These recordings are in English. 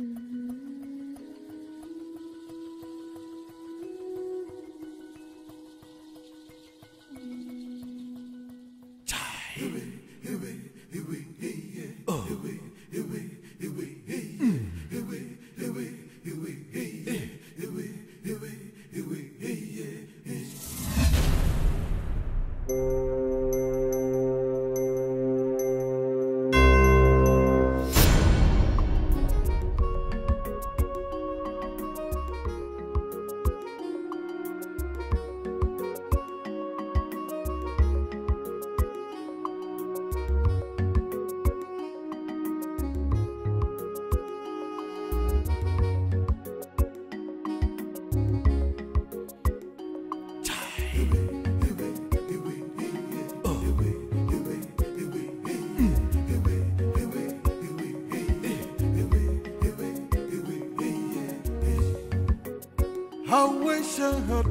Mm-hmm. 山和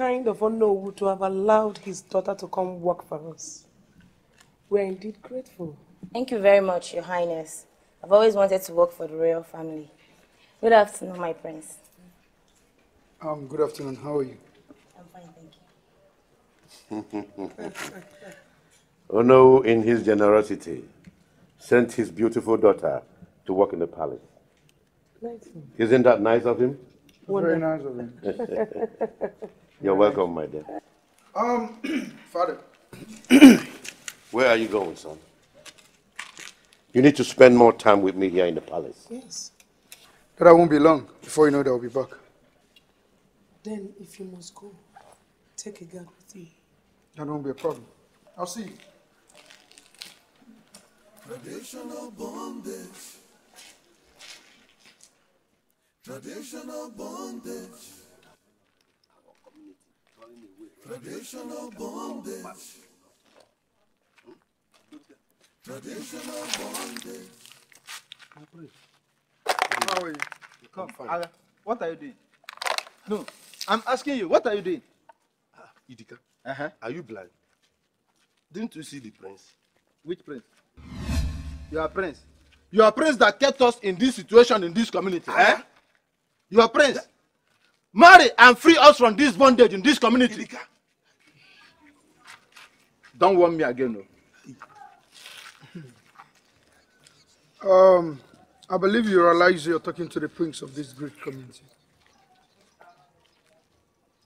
kind of Onowu to have allowed his daughter to come work for us. We are indeed grateful. Thank you very much, Your Highness. I've always wanted to work for the royal family. Good afternoon, my prince. Um, good afternoon. How are you? I'm fine, thank you. Ono, in his generosity, sent his beautiful daughter to work in the palace. Nice. Isn't that nice of him? Very nice of him. You're welcome, my dear. Um, Father. Where are you going, son? You need to spend more time with me here in the palace. Yes. but I won't be long. Before you know it, I'll be back. Then, if you must go, take a guard with you. That won't be a problem. I'll see you. Traditional bondage. Traditional bondage. Traditional bondage. Traditional bondage. How are you? Come, Ala, what are you doing? No, I'm asking you, what are you doing? Uh, Idika, uh -huh. are you blind? Didn't you see the prince? Which prince? You are prince. You are prince that kept us in this situation in this community. Uh ah, -huh. eh? You are prince. Yeah. Marry and free us from this bondage in this community. Idika. Don't warn me again. No. Um, I believe you realize you're talking to the prince of this great community.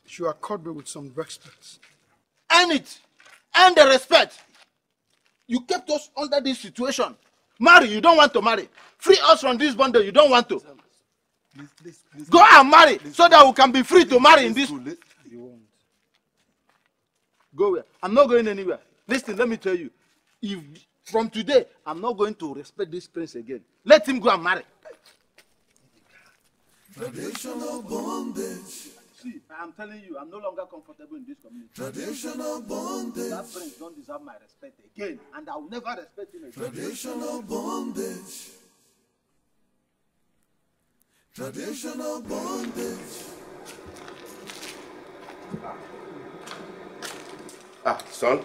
You should accord me with some respect. Earn it! Earn the respect! You kept us under this situation. Marry, you don't want to marry. Free us from this bondage, you don't want to. Please, please, please, Go and marry so that we can be free to marry in this. Go where? I'm not going anywhere. Listen, let me tell you. If from today, I'm not going to respect this prince again. Let him go and marry. Traditional bondage. See, I'm telling you, I'm no longer comfortable in this community. Traditional bondage. That prince don't deserve my respect again, and I'll never respect him again. Traditional bondage. Traditional bondage. Ah, son,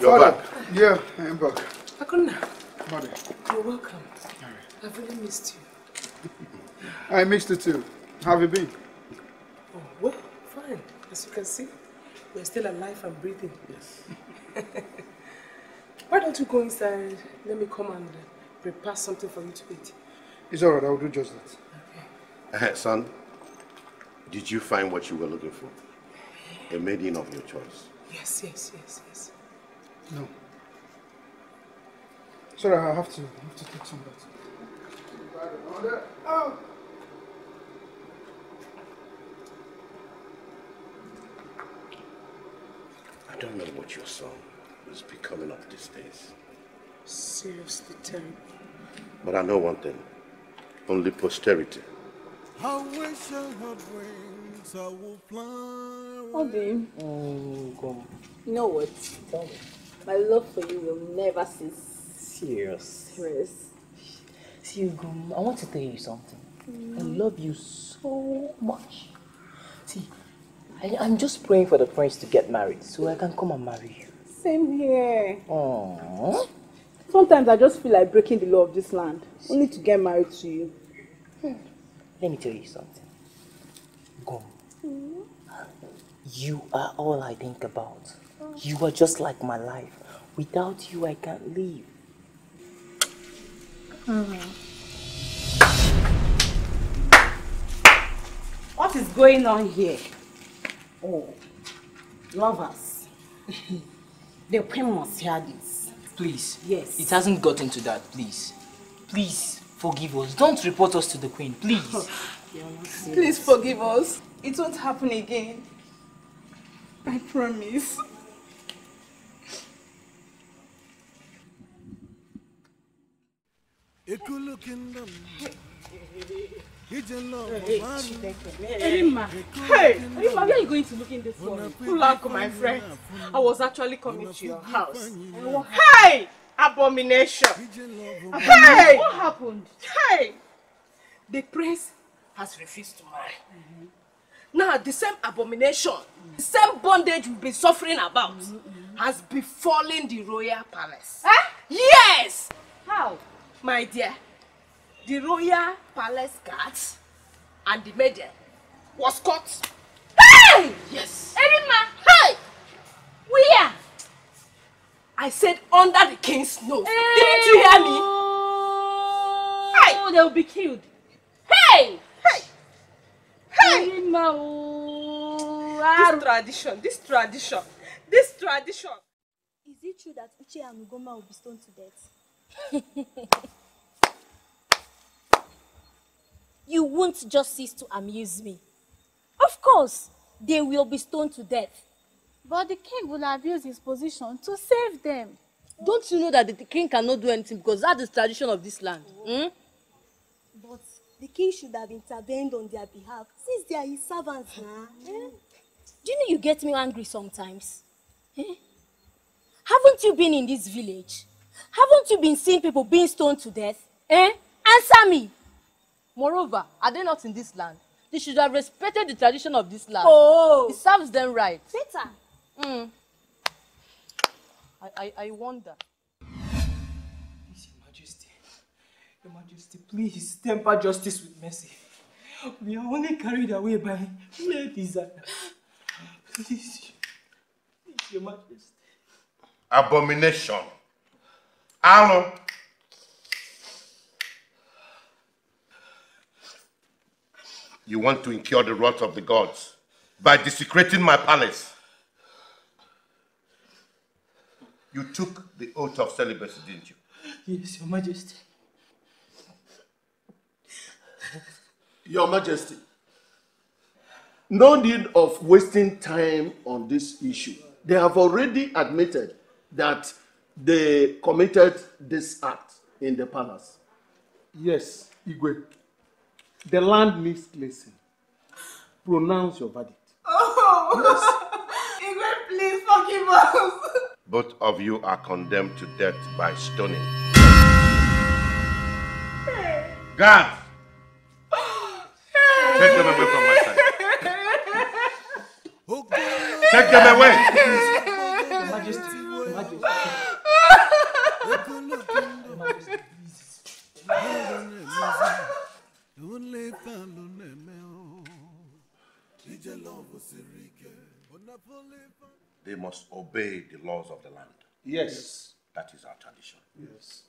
you're Father. back. Yeah, I'm back. Akuna. Mother. You're welcome. All right. I've really missed you. I missed you too. How have you been? Oh, well, fine. As you can see, we're still alive and breathing. Yes. Why don't you go inside? Let me come and uh, prepare something for you to eat. It's all right. I'll do just that. Okay. Uh, son, did you find what you were looking for? A maiden of your choice. Yes, yes, yes, yes. No. Sorry, I have to, I have to take some back. Oh. I don't know what your son is becoming of these days. Seriously Terry. But I know one thing. Only posterity. I wish I had wings. So we Obi. Oh, mm, God. You know what? Tell me. My love for you will never cease. Serious. Serious. See you, Gum. I want to tell you something. Mm. I love you so much. See, I, I'm just praying for the prince to get married so I can come and marry you. Same here. Aww. Sometimes I just feel like breaking the law of this land, only to get married to you. Hmm. Let me tell you something. Gum, you are all I think about. You are just like my life. Without you, I can't live. Hmm. What is going on here? Oh, lovers. the queen must hear this. Please. Yes. It hasn't gotten to that, please. Please forgive us. Don't report us to the queen, please. please forgive us. It won't happen again. I promise. Erima, hey, Erima, where are you going to look in this morning? Pulak, my friend. I was actually coming to your house. Hey! Abomination! Hey! What happened? Hey! The prince has refused to marry. now the same abomination mm. the same bondage we've been suffering about mm -hmm. has befallen the royal palace. Eh? yes. how. my dear the royal palace guards and the maiden was caught. hey. yes. erima. hey. where. I said under the king's nose. Hey. Didn't you hear me? Oh, hey. they will be killed. Hey! Hey! This tradition, this tradition, this tradition. Is it true that Uche and Ugoma will be stoned to death? you won't just cease to amuse me. Of course, they will be stoned to death. But the king will abuse his position to save them. Don't you know that the king cannot do anything because that is tradition of this land? Mm? The king should have intervened on their behalf since they are his servants now. Nah. Eh? Do you know you get me angry sometimes? Eh? Haven't you been in this village? Haven't you been seeing people being stoned to death? Eh? Answer me! Moreover, are they not in this land? They should have respected the tradition of this land. Oh! It serves them right. Peter! Mm. I, I, I wonder. Your Majesty, please temper justice with mercy. We are only carried away by mere desire. Please, please, Your Majesty. Abomination. Aaron. You want to incur the wrath of the gods by desecrating my palace. You took the oath of celibacy, didn't you? Yes, Your Majesty. Your Majesty, no need of wasting time on this issue. They have already admitted that they committed this act in the palace. Yes, Igwe. The land needs cleansing. Pronounce your verdict. Oh! Yes. Igwe, please forgive us. Both of you are condemned to death by stoning. Hey. Guards! Take them away from my side. Take them away. Majesty. Majesty. They must obey the laws of the land. Yes. That is our tradition. Yes.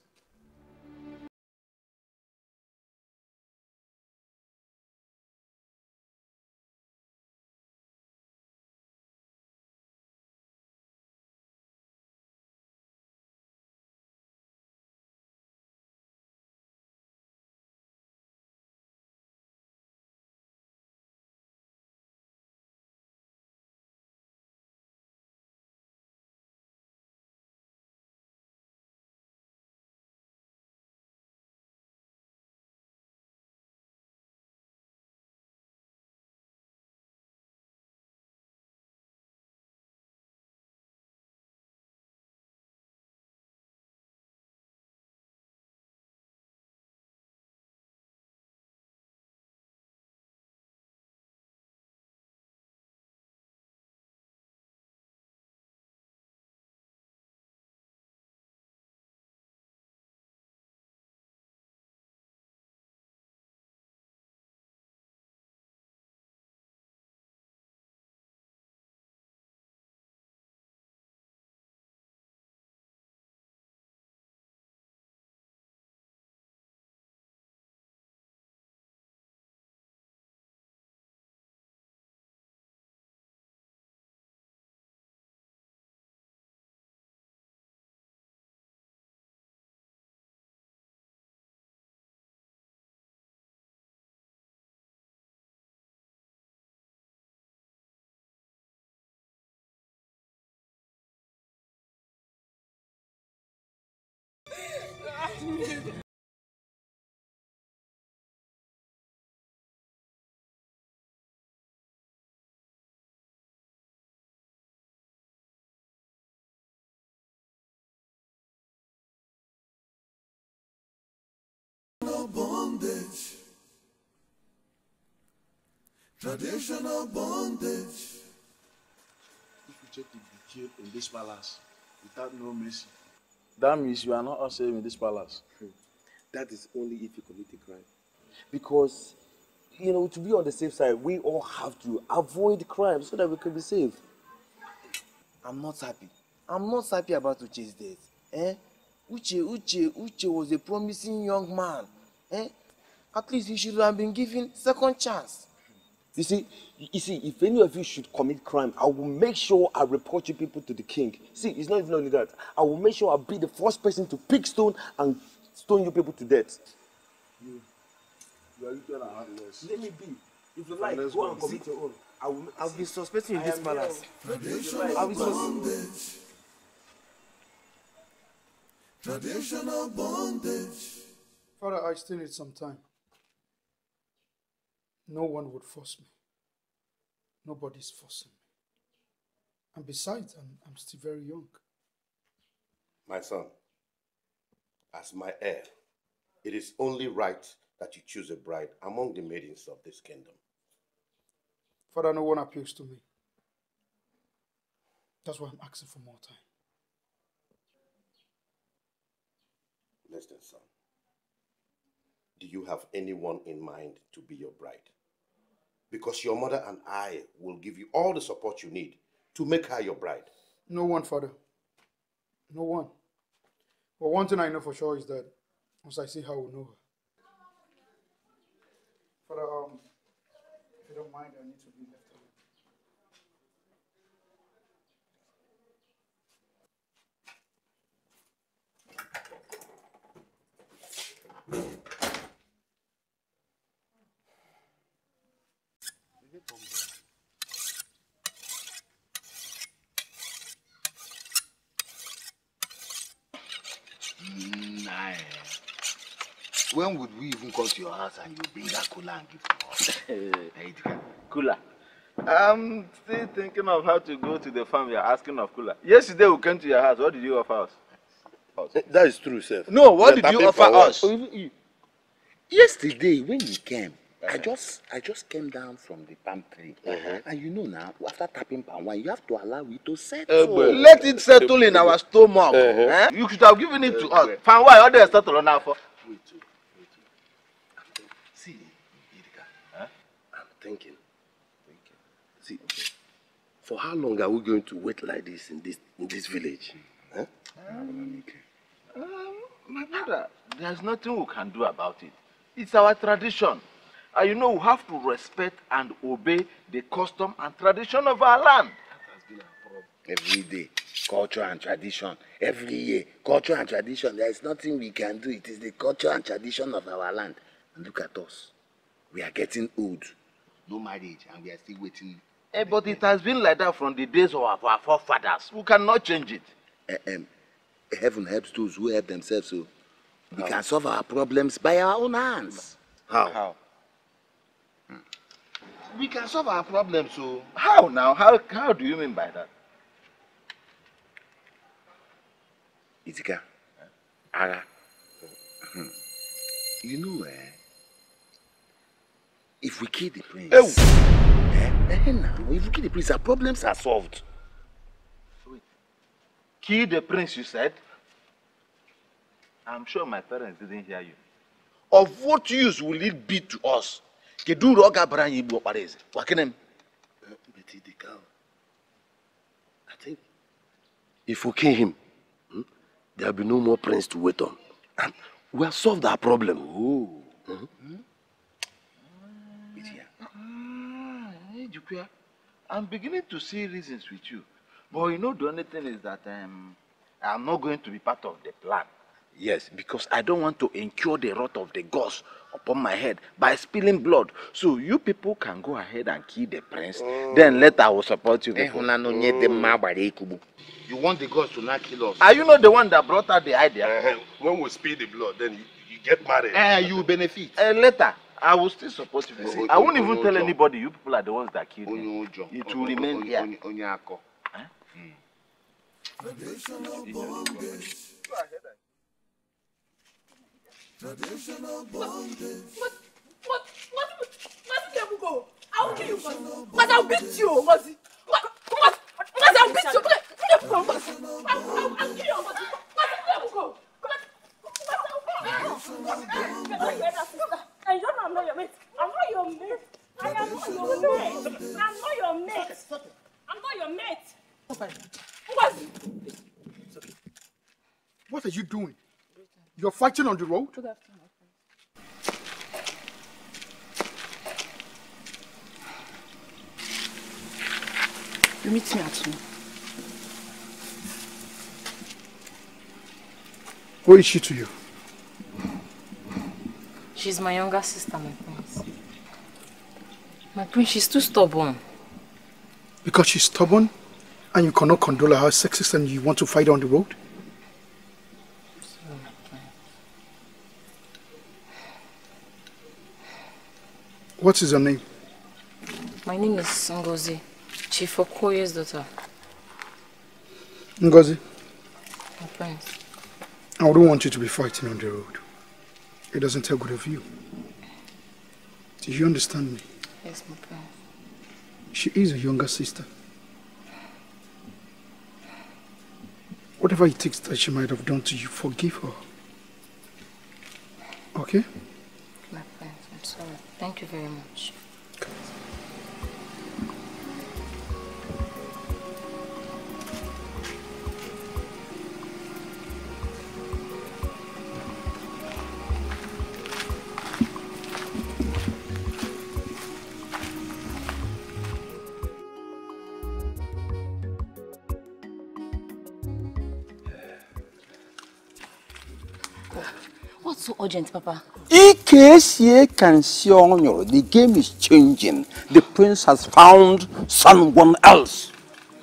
Traditional bondage. Traditional bondage. If you check be killed in this palace without no mercy, that means you are not all safe in this palace. Hmm. That is only if you commit a crime. Because, you know, to be on the safe side, we all have to avoid crime so that we can be safe. I'm not happy. I'm not happy about chase death. Eh? Uche, Uche, Uche was a promising young man. Eh? At least you should have been given second chance. You see, you see, if any of you should commit crime, I will make sure I report you people to the king. See, it's not even only that. I will make sure I'll be the first person to pick stone and stone you people to death. You, you are looking at Let me be. If you like, go and commit your own. I will, I'll be suspecting this palace. Traditional will Traditional bondage. Father, I still need some time. No one would force me. Nobody's forcing me. And besides, I'm, I'm still very young. My son, as my heir, it is only right that you choose a bride among the maidens of this kingdom. Father, no one appeals to me. That's why I'm asking for more time. Listen, son do you have anyone in mind to be your bride? Because your mother and I will give you all the support you need to make her your bride. No one, father. No one. But one thing I know for sure is that once I see her, I will know her. Father, um, if you don't mind, I need to be there. when would we even come to your house and you bring that cooler and give to us? cooler. I'm still thinking of how to go to the farm. You're asking of cooler. Yesterday we came to your house. What did you offer us? That is true, sir. No, what You're did you offer us? Oh, Yesterday when you came, uh I uh-huh. just I just came down from the palm tree, uh-huh. and you know now after tapping palm wine, you have to allow it to settle. Uh, Let it settle in our stomach. Uh-huh. Eh? You should have given it uh, to uh, us. Palm wine, all the settle on our for. Thinking. Thinking. See, okay. for how long are we going to wait like this in this in this village? Huh? Um, um, my brother, there's nothing we can do about it. It's our tradition. uh, you know, we have to respect and obey the custom and tradition of our land. Every day, culture and tradition. Every year, culture and tradition. There is nothing we can do. It is the culture and tradition of our land. And look at us. We are getting old no marriage and we are still waiting. Eh, but it has been like that from the days of our, forefathers. We cannot change it. Uh, um, heaven helps those who help themselves. So we can solve our problems by our own hands. How? How? Hmm. We can solve our problems. So how now? How how do you mean by that? Itika, Ara, hmm. you know, eh? if we kill the prince. ewu eh eh na if we kill the prince our problems are solved. kill the prince you said. i'm sure my parents didn't hear you. of what use will it be to us kedu uru ọ ga-abara anyị igbu ọkpara eze gwa gịnị m. Eh, I think if we kill him, hmm, there will be no more prince to wait on. And we have solved our problem. Oh. Mm -hmm. Mm -hmm. Akua, I'm beginning to see reasons with you. But you know, the only thing is that um, I'm not going to be part of the plan. Yes, because I don't want to incur the wrath of the gods upon my head by spilling blood. So you people can go ahead and kill the prince. Oh. Then later I will support you. Oh. You want the gods to not kill us? Are you not the one that brought out the idea? Uh, when we spill the blood, then you, you get married. Uh, you benefit. Uh, later. I will still support you. See, I won't even tell anybody. You people are the ones that killed me. It will remain here. Traditional bondage. What? What? What? What? What? go? I will kill you, Ngozi. But I'll beat you, Ngozi. What? What? But I'll beat you. I'll kill you, Ngozi. But I'll go. But I'll go. I not mate. I'm not your mate. I am not your mate. I'm not your mate. I'm not your mate. What? What are you doing? You're fighting on the road? You meet me at home. Who is she to you? She's my younger sister, my prince. My prince, she's too stubborn. Because she's stubborn? And you cannot condole her sexist and you want to fight on the road? What is your name? My name is Ngozi, Chief Okoye's daughter. Ngozi. My prince. I don't want you to be fighting on the road. It doesn't take good of you. Do you understand me? Yes, my friend. She is a younger sister. Whatever it takes that she might have done to you, forgive her. Okay? My friend, I'm sorry. Thank you very much. urgent, Papa. In case ye can see the game is changing. The prince has found someone else.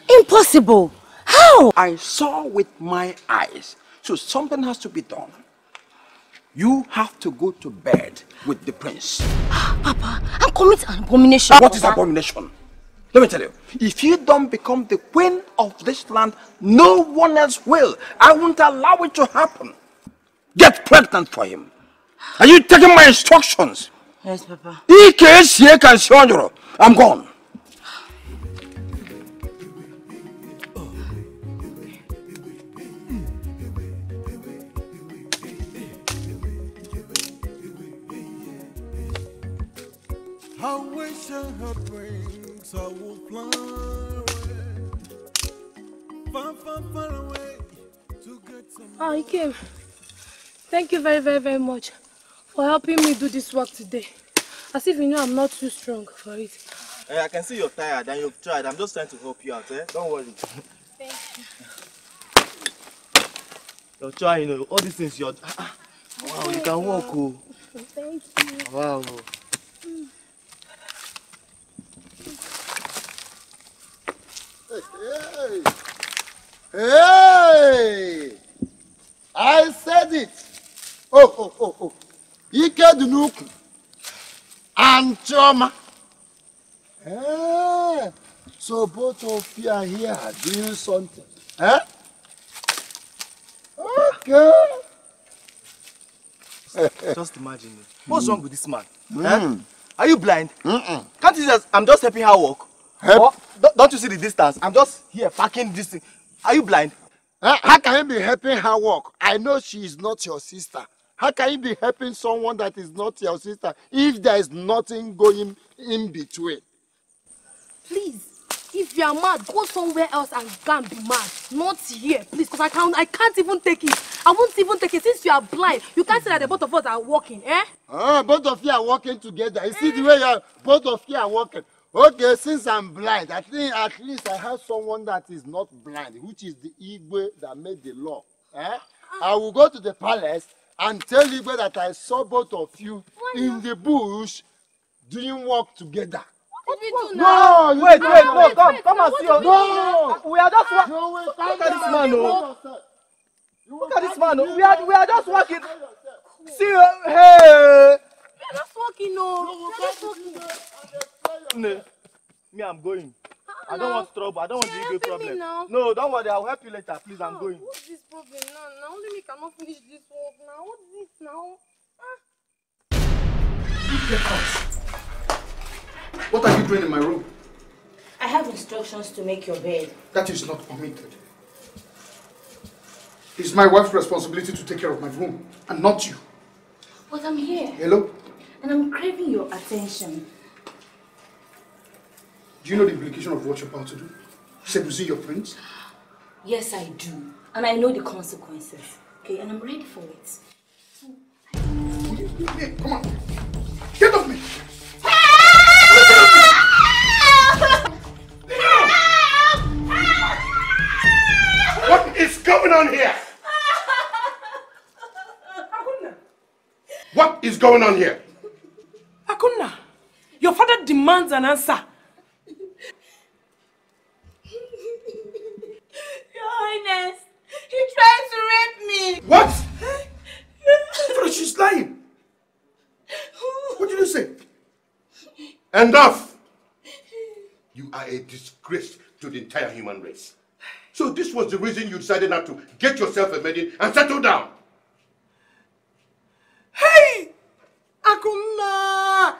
Impossible. How? I saw with my eyes. So something has to be done. You have to go to bed with the prince. Papa, I commit an abomination. What is abomination? Let me tell you, if you don't become the queen of this land, no one else will. I won't allow it to happen get pregnant for him. Are you taking my instructions? Yes, Papa. I'm gone. I wish I had wings, I would fly away. Far, far, far away to get some. Ah, he came. Thank you very, very, very much for helping me do this work today. As if you know I'm not too strong for it. Hey, eh, I can see you're tired and you've tried. I'm just trying to help you out, eh? Don't worry. Thank you. You're trying, you oh, know, all these things you're... Ah, ah. wow, oh, you can walk, oh. Thank you. Wow. Mm. hey! Hey! I said it! Oh, oh, oh, oh. ike dị n'ukwu antịọma eh, so both of you are here doing something eh? okay just imagine what's wrong with this man eh? hmm. are you blind mm -mm. can't you just i'm just helping her walk Help. Or, don't you see the distance i'm just here packing this thing are you blind eh, how can you be helping her walk i know she is not your sister How can you be helping someone that is not your sister if there is nothing going in between? Please, if you are mad, go somewhere else and can be mad. Not here, please, because I can't, I can't even take it. I won't even take it. Since you are blind, you can't see that the both of us are walking, eh? Ah, both of you are walking together. You eh? see the way you are, both of you are walking. Okay, since I'm blind, I think at least I have someone that is not blind, which is the Igwe that made the law. Eh? Uh, I will go to the palace and tell you that I saw both of you what in the bush doing work together. What did we do now? No, wait, wait, no, no, wait, come, wait, come no, and see us. No, we are just working. Oh. No, Look at this man, oh. Look at this man, oh. We are, we are just working. See, uh, hey. We are just working, oh. We are just working. No, me, I'm going. I don't want trouble. I don't want the ego problem. No, don't worry. I'll help you later. Please, I'm going. What's this problem now? Now let me cannot finish this work. Now what's this now? Ah. What are you doing in my room? I have instructions to make your bed. That is not permitted. It's my wife's responsibility to take care of my room, and not you. But I'm here. Hello? And I'm craving your attention. Do you know the implication of what you're about to do? Seducing your friends? Yes, I do. And I know the consequences. Okay, and I'm ready for it. come on. Get off me! what is going on here? Akuna. What is going on here? Akuna, your father demands an answer. Happiness! He tried to rape me! What? Fred, she's lying! What did you say? Enough! You are a disgrace to the entire human race. So this was the reason you decided not to get yourself a maiden and settle down. Hey! Akuna,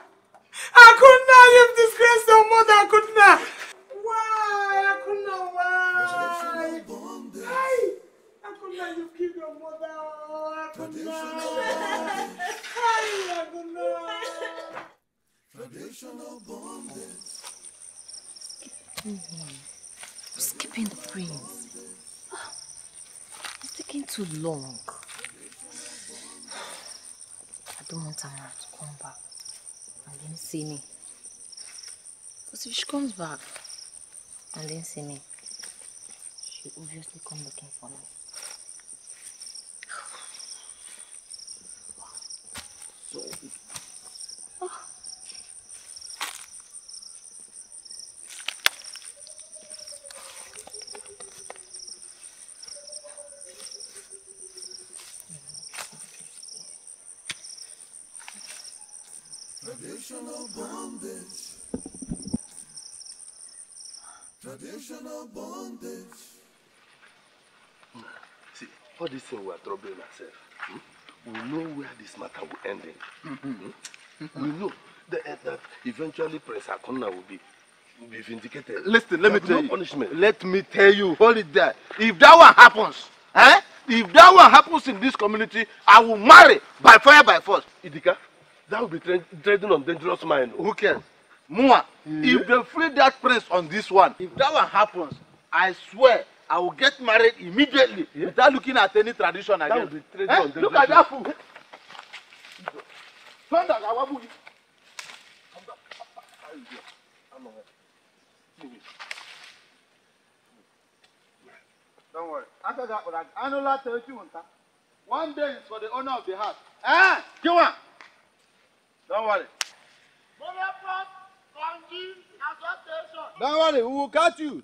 Akuna, you've disgraced your mother, Akuna. Why, Akuna? why? Ai, ai, a Gunai, eu fiquei meu amor da hora, Ai, a Gunai. Traditional bondage. Mm-hmm. skipping the prince. Oh, it's taking too long. I don't want Tamara to come back and then see me. Because if she comes back and then see me, he obviously come looking for me. All this thing we are troubling ourselves. Hmm? We know where this matter will end in. Mm-hmm. Mm-hmm. We know that, eh, that eventually Prince Akona will be will be vindicated. Listen, let me tell no you. punishment. Let me tell you, hold it there. If that one happens, eh? If that one happens in this community, I will marry by fire by force. Idika, that will be treading on dangerous mind. Who cares? Mua, mm-hmm. if they free that prince on this one, if that one happens, I swear I will get married immediately yeah. without looking at any tradition again. That would be Eh? Look at that fool. Turn that awabu. Don't worry. After that, like, annular thirty one. One day is for the owner of the house. Eh? Give one. Don't worry. Don't worry, we will catch you.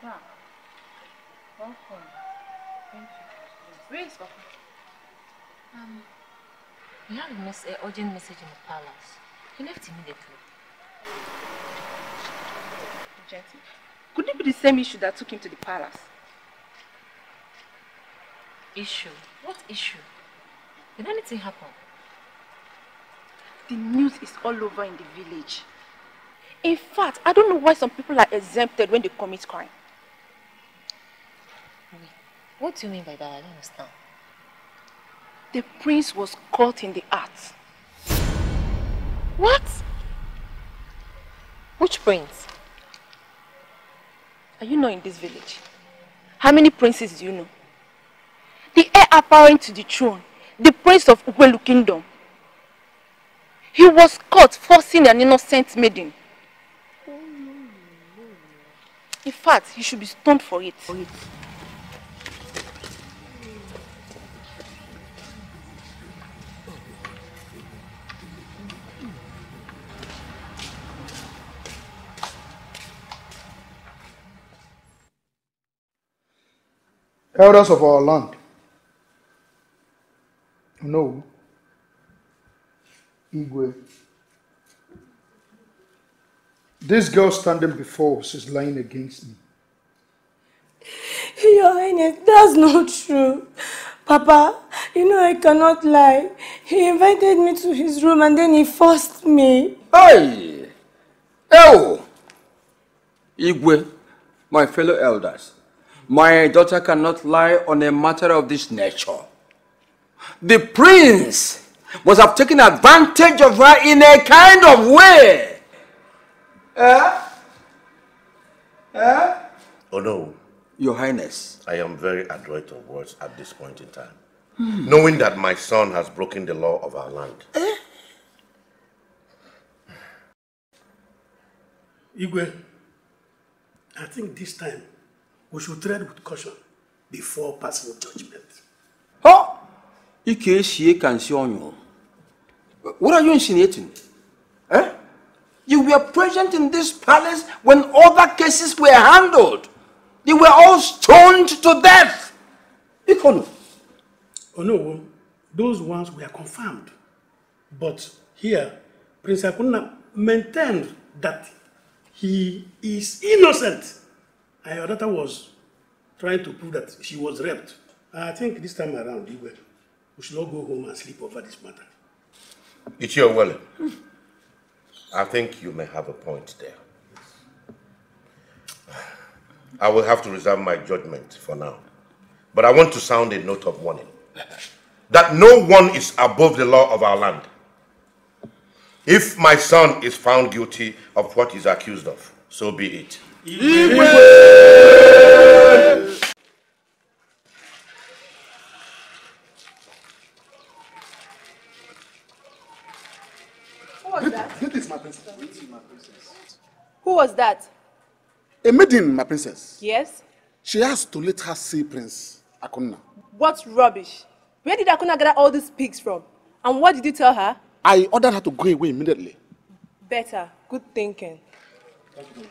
Papa. Welcome. Thank you. Where is Papa? Um, he had an urgent message in the palace. He left immediately. Gently. Could it be the same issue that took him to the palace? Issue? What issue? Did anything happen? The news is all over in the village. In fact, I don't know why some people are exempted when they commit crime. What do you mean by that? I don't understand. The prince was caught in the act. What? Which prince? Are you not in this village? How many princes do you know? The heir apparent to the throne, the prince of Ugwelu kingdom. He was caught forcing an innocent maiden. In fact, he should be stoned for it. For it. elders of our land no. Igwe. This girl standing before us is lying against me. Your Highness, that's not true. Papa, you know I cannot lie. He invited me to his room and then he forced me. Hey! Oh! Igwe, my fellow elders, my daughter cannot lie on a matter of this nature. The prince must have taken advantage of her in a kind of way. Eh? Eh? Oh no. Your Highness. I am very adroit of words at this point in time. Hmm. Knowing that my son has broken the law of our land. Eh? Igwe, I think this time we should tread with caution before passing judgment. Huh? Ike can see on you. What are you insinuating? Eh? You were present in this palace when other cases were handled. They were all stoned to death. Ikonu. Oh no, those ones were confirmed. But here, Prince Akuna maintained that he is innocent. Your daughter was trying to prove that she was raped. I think this time around, Igwe, we should all go home and sleep over this matter. It's your will. I think you may have a point there. I will have to reserve my judgment for now. But I want to sound a note of warning. That no one is above the law of our land. If my son is found guilty of what he's accused of, so be it. Iwe! was that? A maiden, my princess. Yes? She has to let her see Prince Akuna. What rubbish! Where did Akuna get all these pigs from? And what did you tell her? I ordered her to go away immediately. Better. Good thinking. Thank you.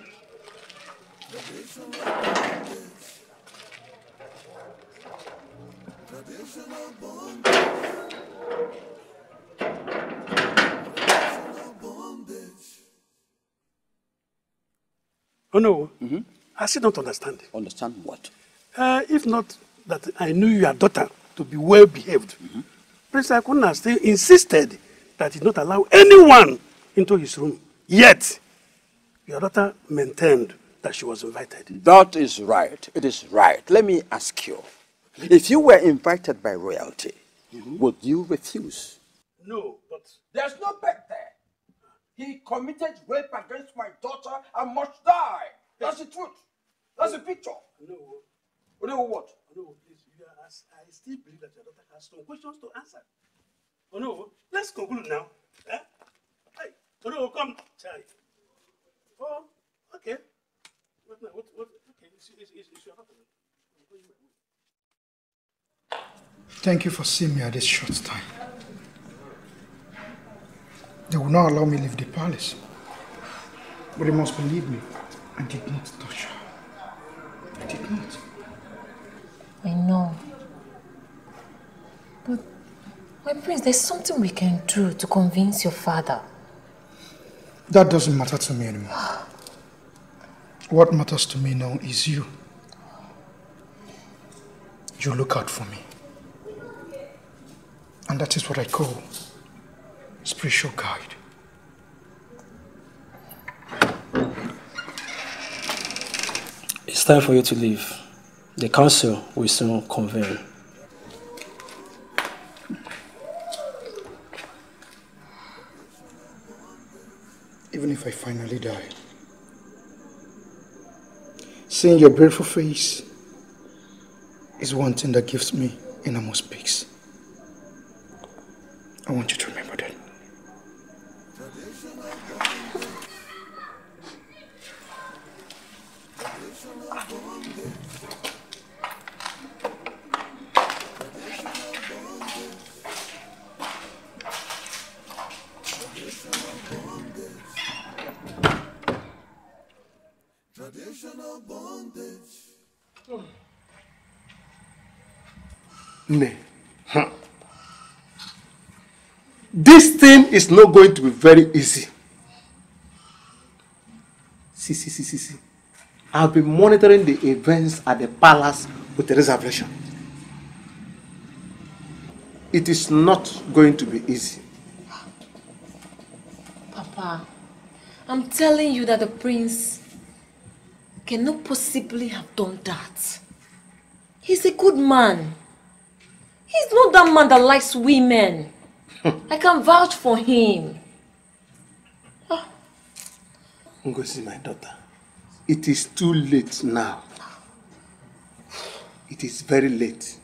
Oh no. Mm -hmm. I still don't understand. Understand what? Uh, if not that I knew your daughter to be well behaved, mm -hmm. Prince Akuna still insisted that he not allow anyone into his room. Yet, your daughter maintained that she was invited. That is right. It is right. Let me ask you. If you were invited by royalty, mm -hmm. would you refuse? No, but there's no bet there. He committed rape against my daughter and must die. That's the truth. That's the picture. No. No, what? No, please. You are, as, I still believe that your daughter has some questions to answer. Oh, no. Let's conclude now. Eh? Hey, oh, no, come, Charlie. Oh, okay. What, what, what, okay, it's, it's, it's, it's your daughter. Thank you for seeing me at this short time. They will not allow me leave the palace. But they must believe me. I did not touch her. I did not. I know. But, my prince, there's something we can do to convince your father. That doesn't matter to me anymore. what matters to me now is you. You look out for me. And that is what I call spiritual guide. It's time for you to leave. The council will soon convene. Even if I finally die, seeing your beautiful face is one thing that gives me enormous peace. I want you to remember that. Nay. Huh. This thing is not going to be very easy. See, see, see, see, see. I've been monitoring the events at the palace with a reservation. It is not going to be easy. Papa, I'm telling you that the prince cannot possibly have done that. He's a good man. He's not that man that likes women. I can vouch for him. Oh. Ah. see my daughter, it is too late now. It is very late.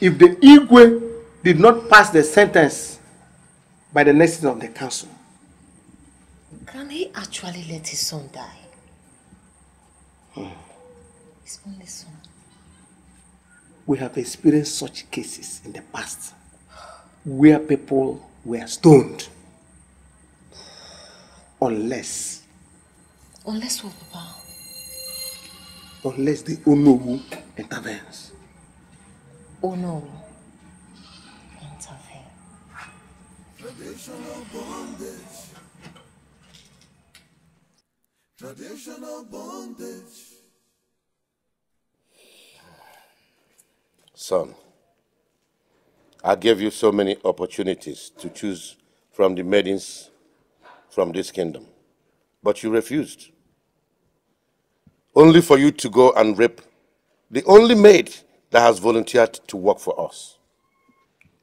If the Igwe did not pass the sentence by the next of the council, can he actually let his son die? It's only We have experienced such cases in the past where people were stoned. Unless. Unless what, Papa? Unless the Onowu intervenes. Onowu intervenes. Traditional bondage. Traditional bondage. son. I gave you so many opportunities to choose from the maidens from this kingdom, but you refused. Only for you to go and rape the only maid that has volunteered to work for us.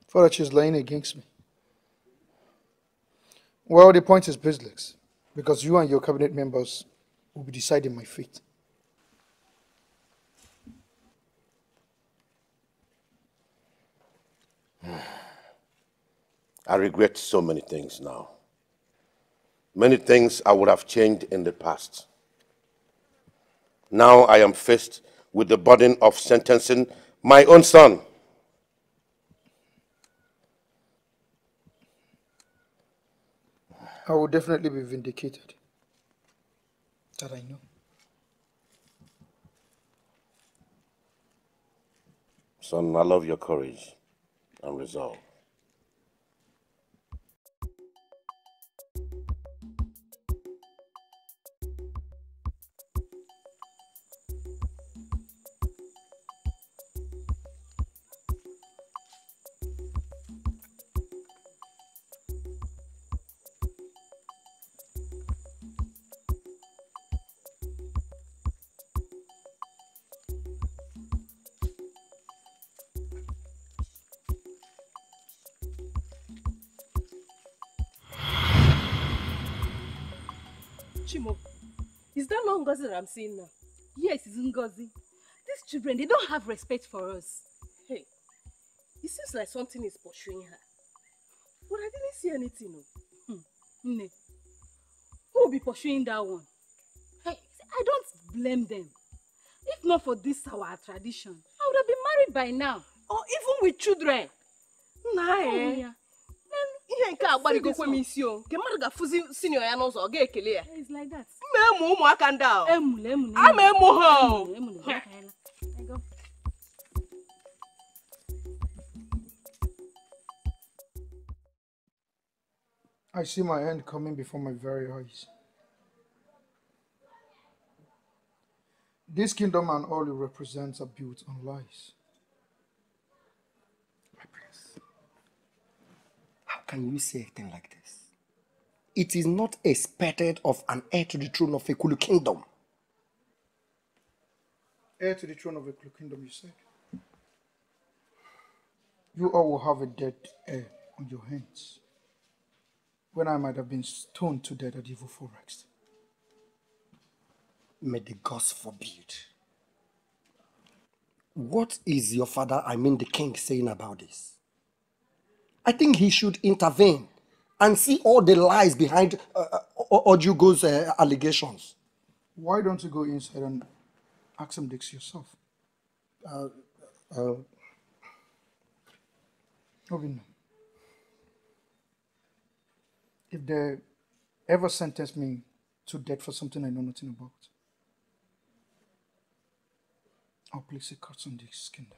For she's lying against me. Well, the point is business, because you and your cabinet members will be deciding my fate. I regret so many things now. Many things I would have changed in the past. Now I am faced with the burden of sentencing my own son. I will definitely be vindicated. That I know. Son, I love your courage unresolved. not Ngozi that I'm seeing now. Yes, it's Ngozi. These children, they don't have respect for us. Hey, it seems like something is pursuing her. But I didn't see anything. No. Hmm. No. Who will be pursuing that one? Hey, I don't blame them. If not for this our tradition, I would have been married by now. Or even with children. Nah, oh, eh? yeah ihe nke a gbarigokwe m isi o nke mmadụ ga-afụzi sinio ya n'ụzọ ga-ekele ya mma emu ụmụaka ndị ama emu ha I see my end coming before my very eyes. This kingdom and all it represents are built on lies. can you say a thing like this? It is not expected of an heir to the throne of a Kulu kingdom. Heir to the throne of a Kulu kingdom, you said? You all will have a dead heir on your hands when I might have been stoned to death at evil forex. May the gods forbid. What is your father, I mean the king, saying about this? I think he should intervene and see all the lies behind uh, uh, uh allegations. Why don't you go inside and ask him Dix yourself? Uh, uh, if they ever sentence me to death for something I know nothing about, I'll place a curse on this kingdom.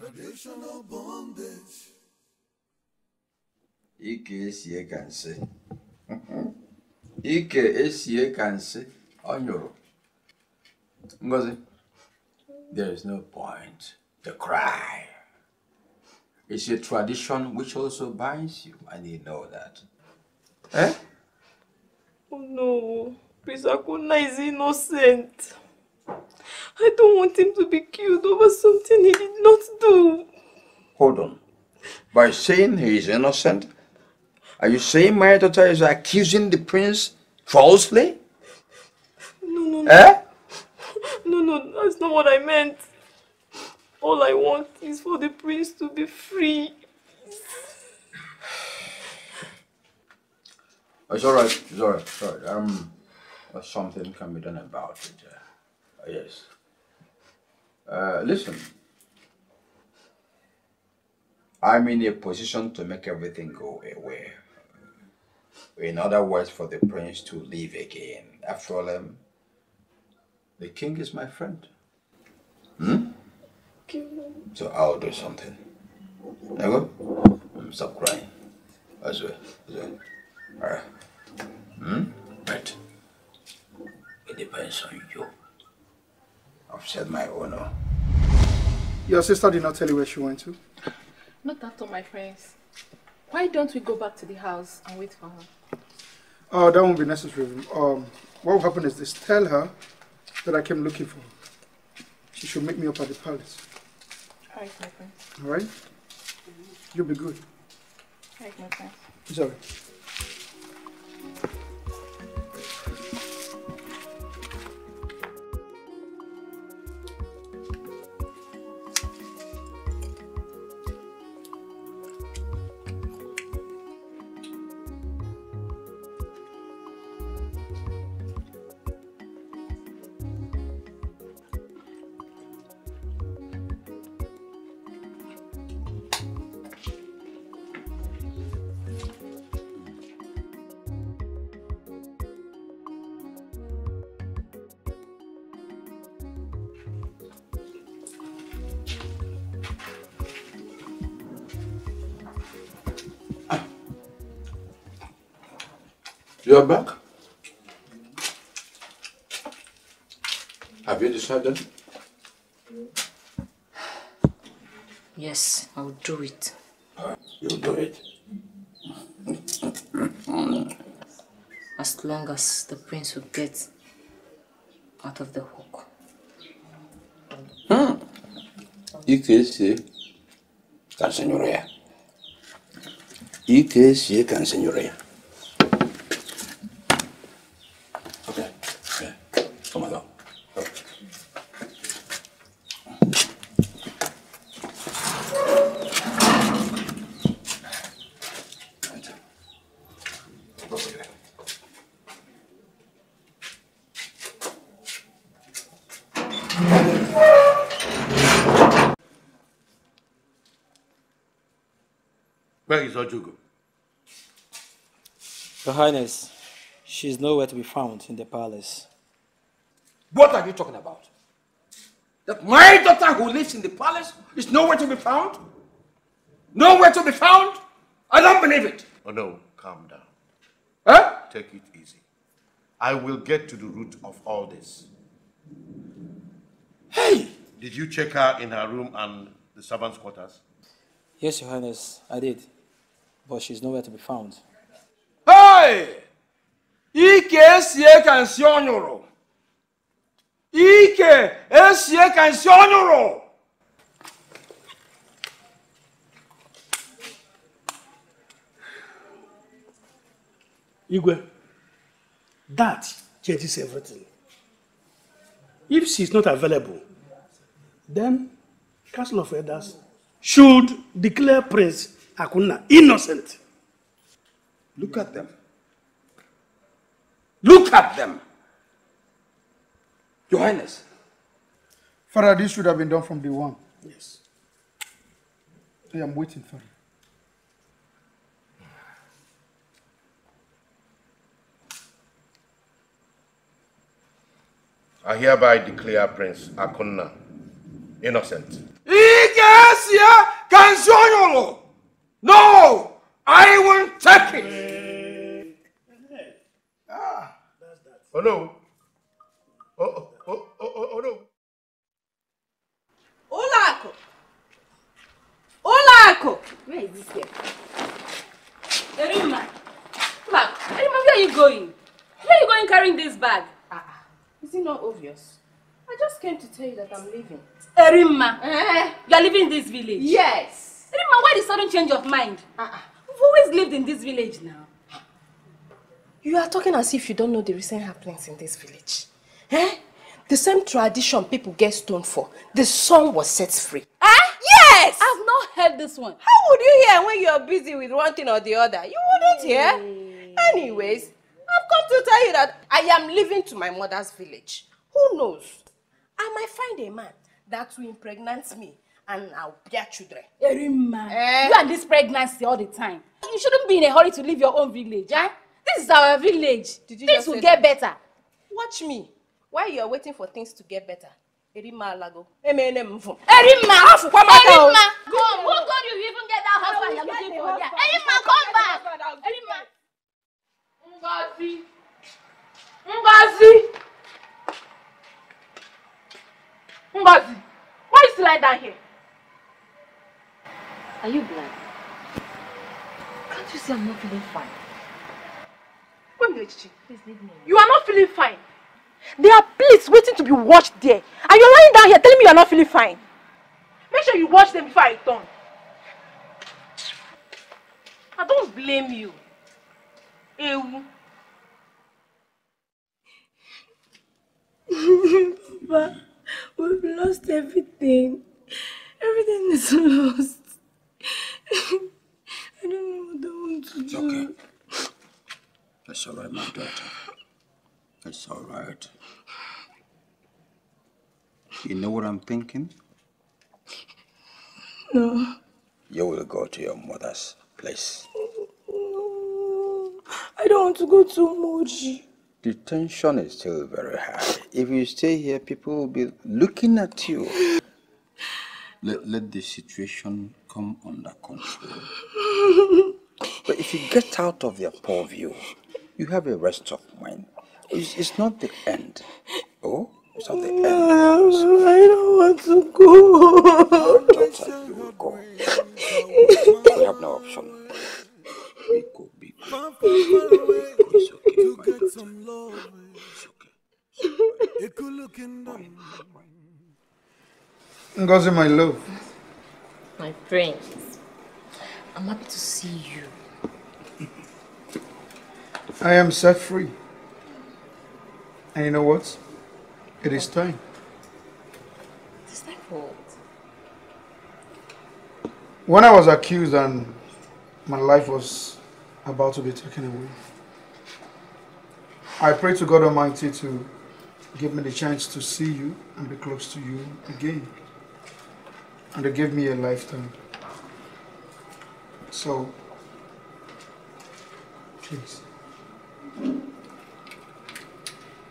Traditional bondage. Ike esie Ike esie Ngozi, there is no point to cry. It's a tradition which also binds you, and you know that. Eh? Oh no, Prisakuna is innocent. I don't want him to be killed over something he did not do. Hold on. By saying he is innocent, are you saying my daughter is accusing the prince falsely? No, no, no. Eh? No, no, that's not what I meant. All I want is for the prince to be free. Oh, it's all right, it's all right, all right. Um, something can be done about it. Uh, yes. Uh, listen, I'm in a position to make everything go away. In other words, for the prince to leave again. After all, um, the king is my friend. Hmm? So I'll do something. Nego? Mm, stop crying. As well. As well. Alright. Hmm? Right. It depends on you. I've said my honor. Oh. Your sister did not tell you where she went to? Not after my friends. Why don't we go back to the house and wait for her? Oh, that won't be necessary. Um, what will happen is this. Tell her that I came looking for her. She should meet me up at the palace. All right, my friend. All right? You'll be good. All right, my friend. Sorry. Yes, I'll do it. You'll do it? as long as the prince will get out of the hook. Hmm. EKC can señorea. EKC can señorea. Highness, she is nowhere to be found in the palace. What are you talking about? That my daughter who lives in the palace is nowhere to be found? Nowhere to be found? I don't believe it. Oh no, calm down. Huh? Take it easy. I will get to the root of all this. Hey! Did you check her in her room and the servants' quarters? Yes, Your Highness, I did. But she's nowhere to be found. Oi! Ike esie ka nsi Ike esie ka nsi Igwe, that changes everything. If she is not available, then Castle of Elders should declare Prince Akuna innocent. Look at them. Look at them. Your Highness. Father, this should have been done from day one. Yes. I am waiting for you. I hereby declare Prince Akuna innocent. No! I won't take it! Oh no. Oh, oh, oh, oh, oh no. Olaco! Olaco! Where is this girl? Erima! Olaco, Erima, where are you going? Where are you going carrying this bag? Ah, ah. Is it not obvious? I just came to tell you that I'm leaving. Erima! Eh? You are leaving this village? Yes! Erima, why the sudden change of mind? Ah, ah. We've always lived in this village now. You are talking as if you don't know the recent happenings in this village. Eh? The same tradition people get stoned for. The son was set free. Ah? Yes! I've not heard this one. How would you hear when you're busy with one thing or the other? You wouldn't hear. Anyways, I've come to tell you that I am leaving to my mother's village. Who knows? I might find a man that will impregnate me and I'll bear children. Every man. Eh? You and this pregnancy all the time. You shouldn't be in a hurry to leave your own village, eh? This is our village. things will get that? better. Watch me. Why you are waiting for things to get better, Erima Alago. Emene mfu. Erima! Afu kwa mata o. Erima! Come. Who told oh, you even get that husband you're looking for there? Erima, come back! Erima! Ngozi! Ngozi! Ngozi! Why you still lying down here? Are you blind? Can't you see I'm not feeling fine? you are not feeling fine. There are police waiting to be washed there. And you're lying down here telling me you're not feeling fine. Make sure you wash them before I turn. I don't blame you. Papa, we've lost everything. Everything is lost. I don't know what I want to it's do. It's okay. That's all right, my daughter. That's all right. You know what I'm thinking? No. You will go to your mother's place. No. I don't want to go to Moji. The tension is still very high. If you stay here, people will be looking at you. Let, let the situation come under control. But if you get out of their purview, you have a rest of mind. It's, it's not the end. Oh? It's not the end. No, I don't want to go. you will go. we have no option. Biko, Biko. It's okay, my daughter. It's okay. Ngozi, my love. My prince. I'm happy to see you. I am set free. And you know what? It is time. What is that called? When I was accused and my life was about to be taken away, I pray to God Almighty to give me the chance to see you and be close to you again. And to give me a lifetime. So, please.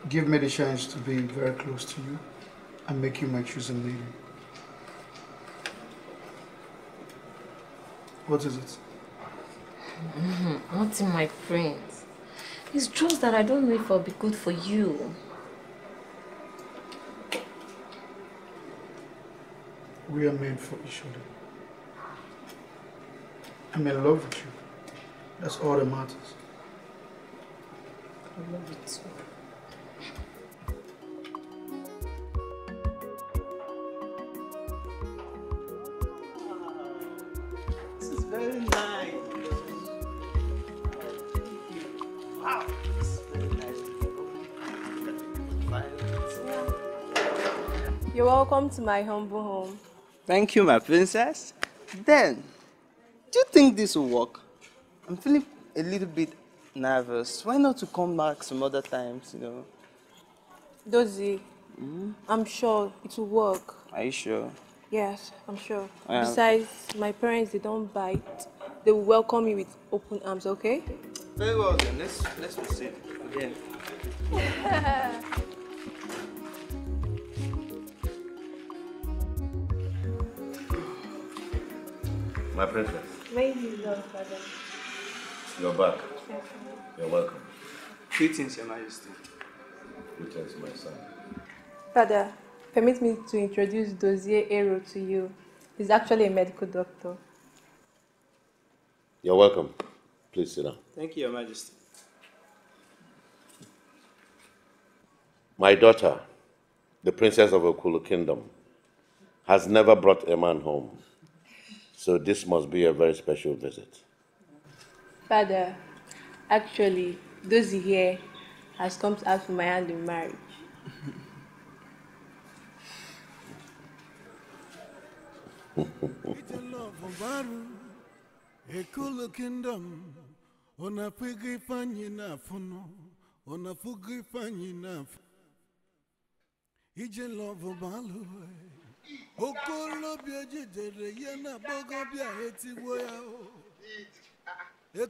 Give me the chance to be very close to you and make you my chosen lady. What is it? Mm -hmm. Nothing, my friends. It's just that I don't know if I'll be good for you. We are made for each other. I'm in love with you. That's all that matters love it so. You're welcome to my humble home. Thank you, my princess. Then, do you think this will work? I'm feeling a little bit nervous. Why not to come back some other times, you know? Dozy. mm? I'm sure it will work. Are you sure? Yes, I'm sure. Yeah. Besides, my parents, they don't bite. They will welcome you with open arms, okay? Very well then, let's, let's proceed again. my princess. Where is your father? You're back. You're welcome. Greetings, Your Majesty. Greetings, my son. Father, permit me to introduce Dozier Aero to you. He's actually a medical doctor. You're welcome. Please sit down. Thank you, Your Majesty. My daughter, the princess of Okulu Kingdom, has never brought a man home. So this must be a very special visit. Father, Actually, those here has come to ask for my hand in marriage. ije love balue okolobia jejere yana bogo bia etiwo ya o Eh?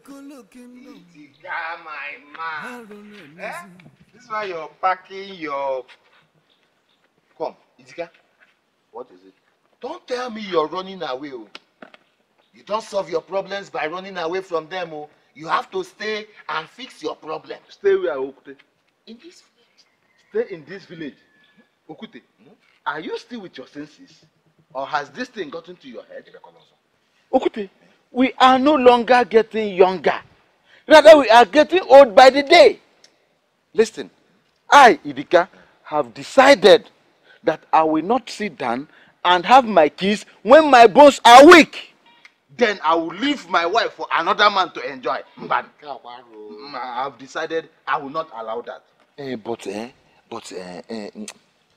This is why you're packing your. Come, Itiga. What is it? Don't tell me you're running away. Oh. You don't solve your problems by running away from them. Oh. You have to stay and fix your problem. Stay where, I Okute? In this village. Stay in this village. Hmm? Okute, hmm? are you still with your senses? Or has this thing gotten to your head? Okute we are no longer getting younger. Rather, we are getting old by the day. Listen, I, Idika, have decided that I will not sit down and have my kids when my bones are weak. Then I will leave my wife for another man to enjoy. But mm, I have decided I will not allow that. Eh, but, eh, but, eh, eh,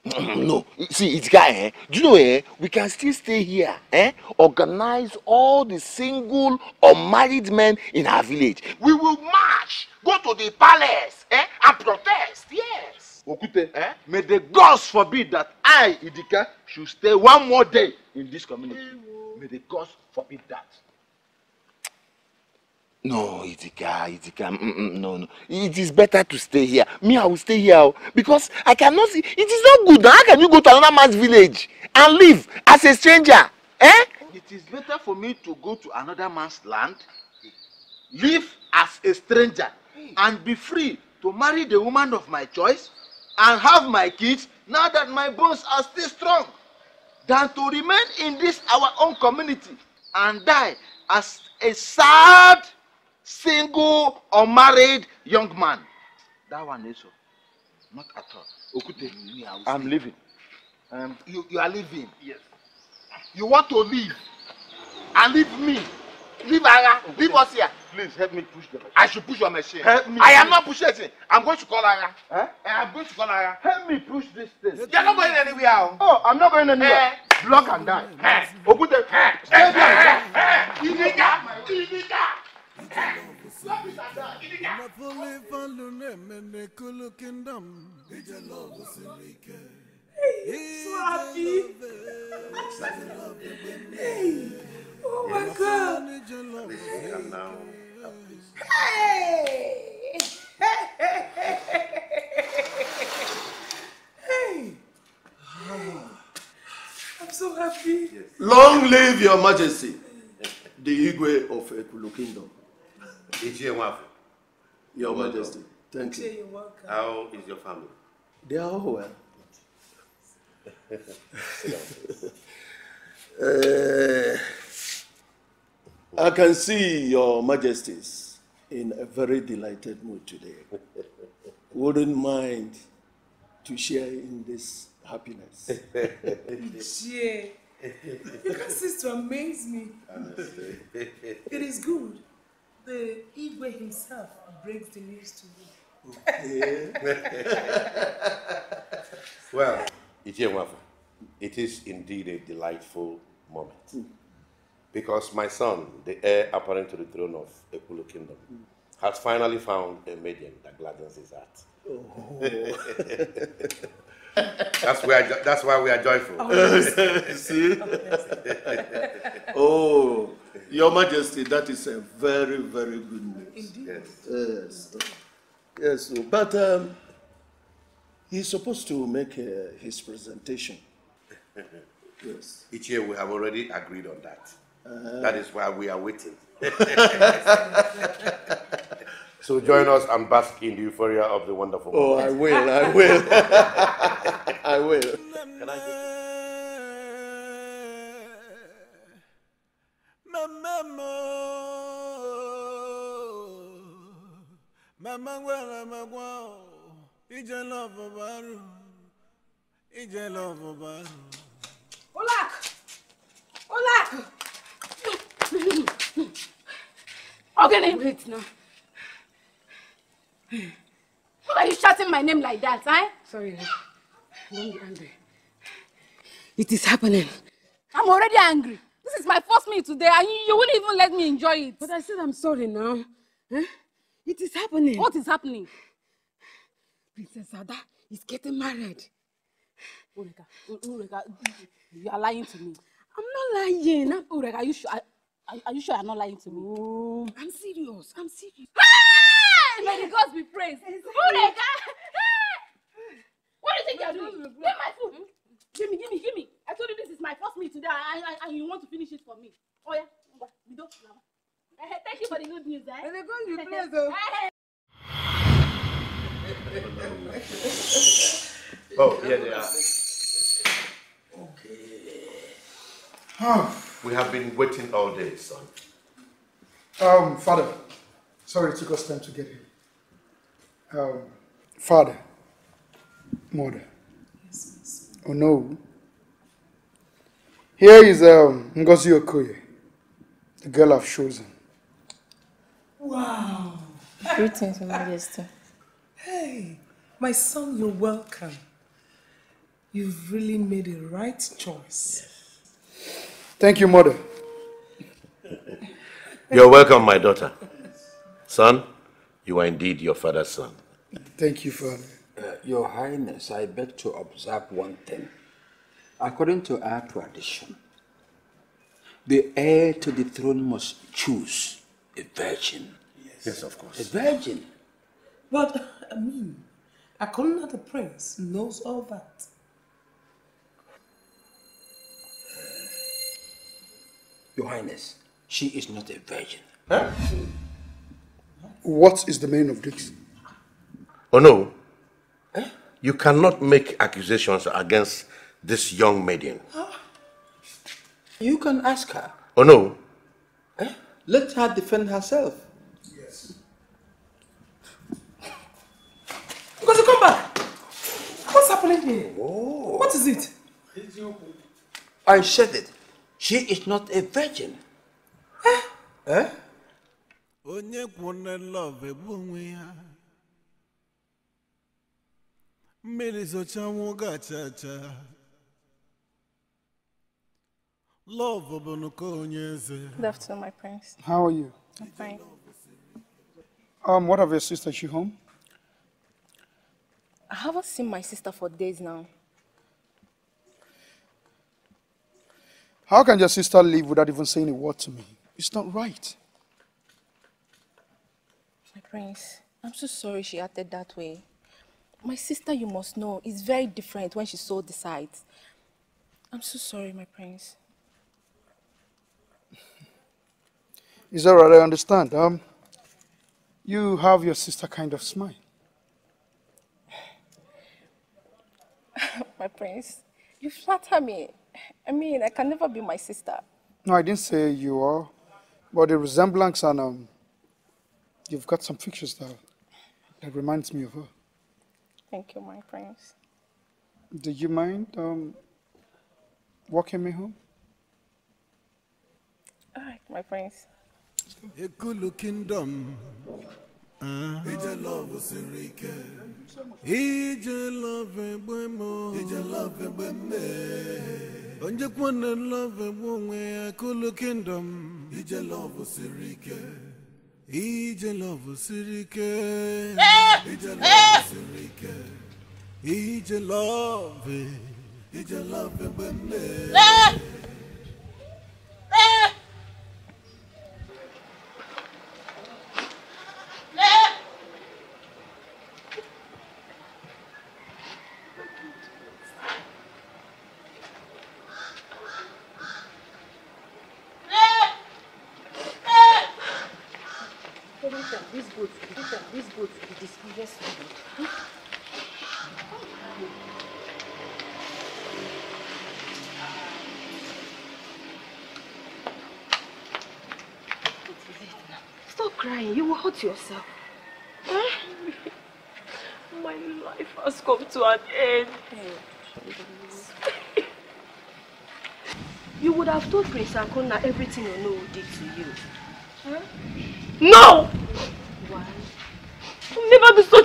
no see it guy eh do you know eh we can still stay here eh organize all the single or married men in our village we will march go to the palace eh and protest yes. okute eh? may the gods forbid that i idika should stay one more day in this community may the gods forbid that. No, Itika, Itika, mm, mm -mm, no, no. It is better to stay here. Me, I will stay here oh. because I cannot see. It is not good. How can you go to another man's village and live as a stranger? Eh? It is better for me to go to another man's land, live as a stranger, and be free to marry the woman of my choice and have my kids now that my bones are still strong than to remain in this our own community and die as a sad single or married, young man. That one is so. Not at all. Okute, mm, I'm leaving. Um, you, you are leaving? Yes. You want to leave? And leave me? Leave Ara? Okute, leave us here? Please help me push the machine. I should push your machine. Help me. I am not pushing anything. I'm going to call Ara. Huh? I'm going to call Ara. Help me push this thing. You're not going anywhere. Oh, I'm not going anywhere. Eh. Block and die. Eh. Okute, eh. stay there. Eh. Eh. Eh. Eh. Eh. Eh. Eh. Eh. Long live your majesty, the Igwe of Ekulu Kingdom. Ichie Your Majesty. Thank you. You're welcome. How is your family? They are all well. uh, I can see your majesties in a very delighted mood today. Wouldn't mind to share in this happiness. Share. you can to amaze me. Honestly. It is good the Igwe himself brings the news to me. well, Ijewafa, it is indeed a delightful moment. Mm. Because my son, the heir apparent to the throne of Ekulu Kingdom, mm. has finally found a medium that gladdens his heart. Oh. that's that's why we are joyful. Oh, See? Oh, oh, your Majesty, that is a very, very good news. Indeed. Yes. Yes. yes. But um, he's supposed to make uh, his presentation. yes. Each year we have already agreed on that. Uh, that is why we are waiting. so join us and bask in the euphoria of the wonderful. Oh, moment. I will. I will. I will. Can I Mama mo, mama gwara magwa, ije love baru, ije love baru. Olak, Olak. Okay, Ogene, wait now. Why are you shouting my name like that, eh? Sorry, don't be angry. It is happening. I'm already angry. This is my first meal today, and you, you won't even let me enjoy it. But I said I'm sorry now. Huh? It is happening. What is happening? Princess Ada is getting married. Ureka, Ureka, you are lying to me. I'm not lying. Ureka, are you sure? Are, are you sure you're not lying to me? Oh, I'm serious. I'm serious. Hey! May the gods be praised. Ureka! Hey! What do you think you're doing? Get my food. Hmm? Gimme, gimme, gimme. I told you this is my first meal today and and you want to finish it for me. Oh yeah, we don't love. Eh, thank you for the good news, eh? And they're going to play though. Eh, oh, yeah, they are. Okay. Oh. We have been waiting all day, son. Um, Father, sorry it took us time to get here. Um, Father, Mother, Ono. Oh, Here is um, Ngozi Okoye, the girl I've chosen. Wow. Greetings, Your Majesty. Hey, my son, you're welcome. You've really made a right choice. Yes. Thank you, Mother. You're welcome, my daughter. Son, you are indeed your father's son. Thank you, Father. Uh, Your Highness, I beg to observe one thing. According to our tradition, the heir to the throne must choose a virgin. Yes, yes of course. A virgin. But, I mean, according to the prince, knows all that. Uh, Your Highness, she is not a virgin. Huh? What is the meaning of this? Oh no, you cannot make accusations against this young maiden. You can ask her. Oh no. Eh? Let her defend herself. Yes. Because you come back. What's happening here? Oh. What is it? I said it. She is not a virgin. Eh? Eh? melizochawogachacha love obonuko onyeze good afternoon my prince how are you i'm fine um what of your sister she home i haven't seen my sister for days now how can your sister leave without even saying a word to me it's not right my prince i'm so sorry she acted that way my sister, you must know, is very different when she so decides. I'm so sorry, my prince. Is that right? I understand. Um, you have your sister kind of smile. my prince, you flatter me. I mean, I can never be my sister. No, I didn't say you are, but the resemblance and um, you've got some features that, that reminds me of her. Thank you, my friends. Do you mind um, walking me home? All right, my prince. Uh-huh. Ekulu Kingdom. Ije love siri ike. Ije love egbe mo. Ije love egbe me. Onye kwana love egbe onwe ya Ekulu Kingdom. Ije love siri ike. ije lọbụ siri ike ije lọbụ siri ike ije lọbụ ije lọbụ egbe nne This boat, this boat, it is Stop crying. You will hurt yourself. Eh? My life has come to an end. you would have told Prince Ankona everything you know did to you. Huh? No!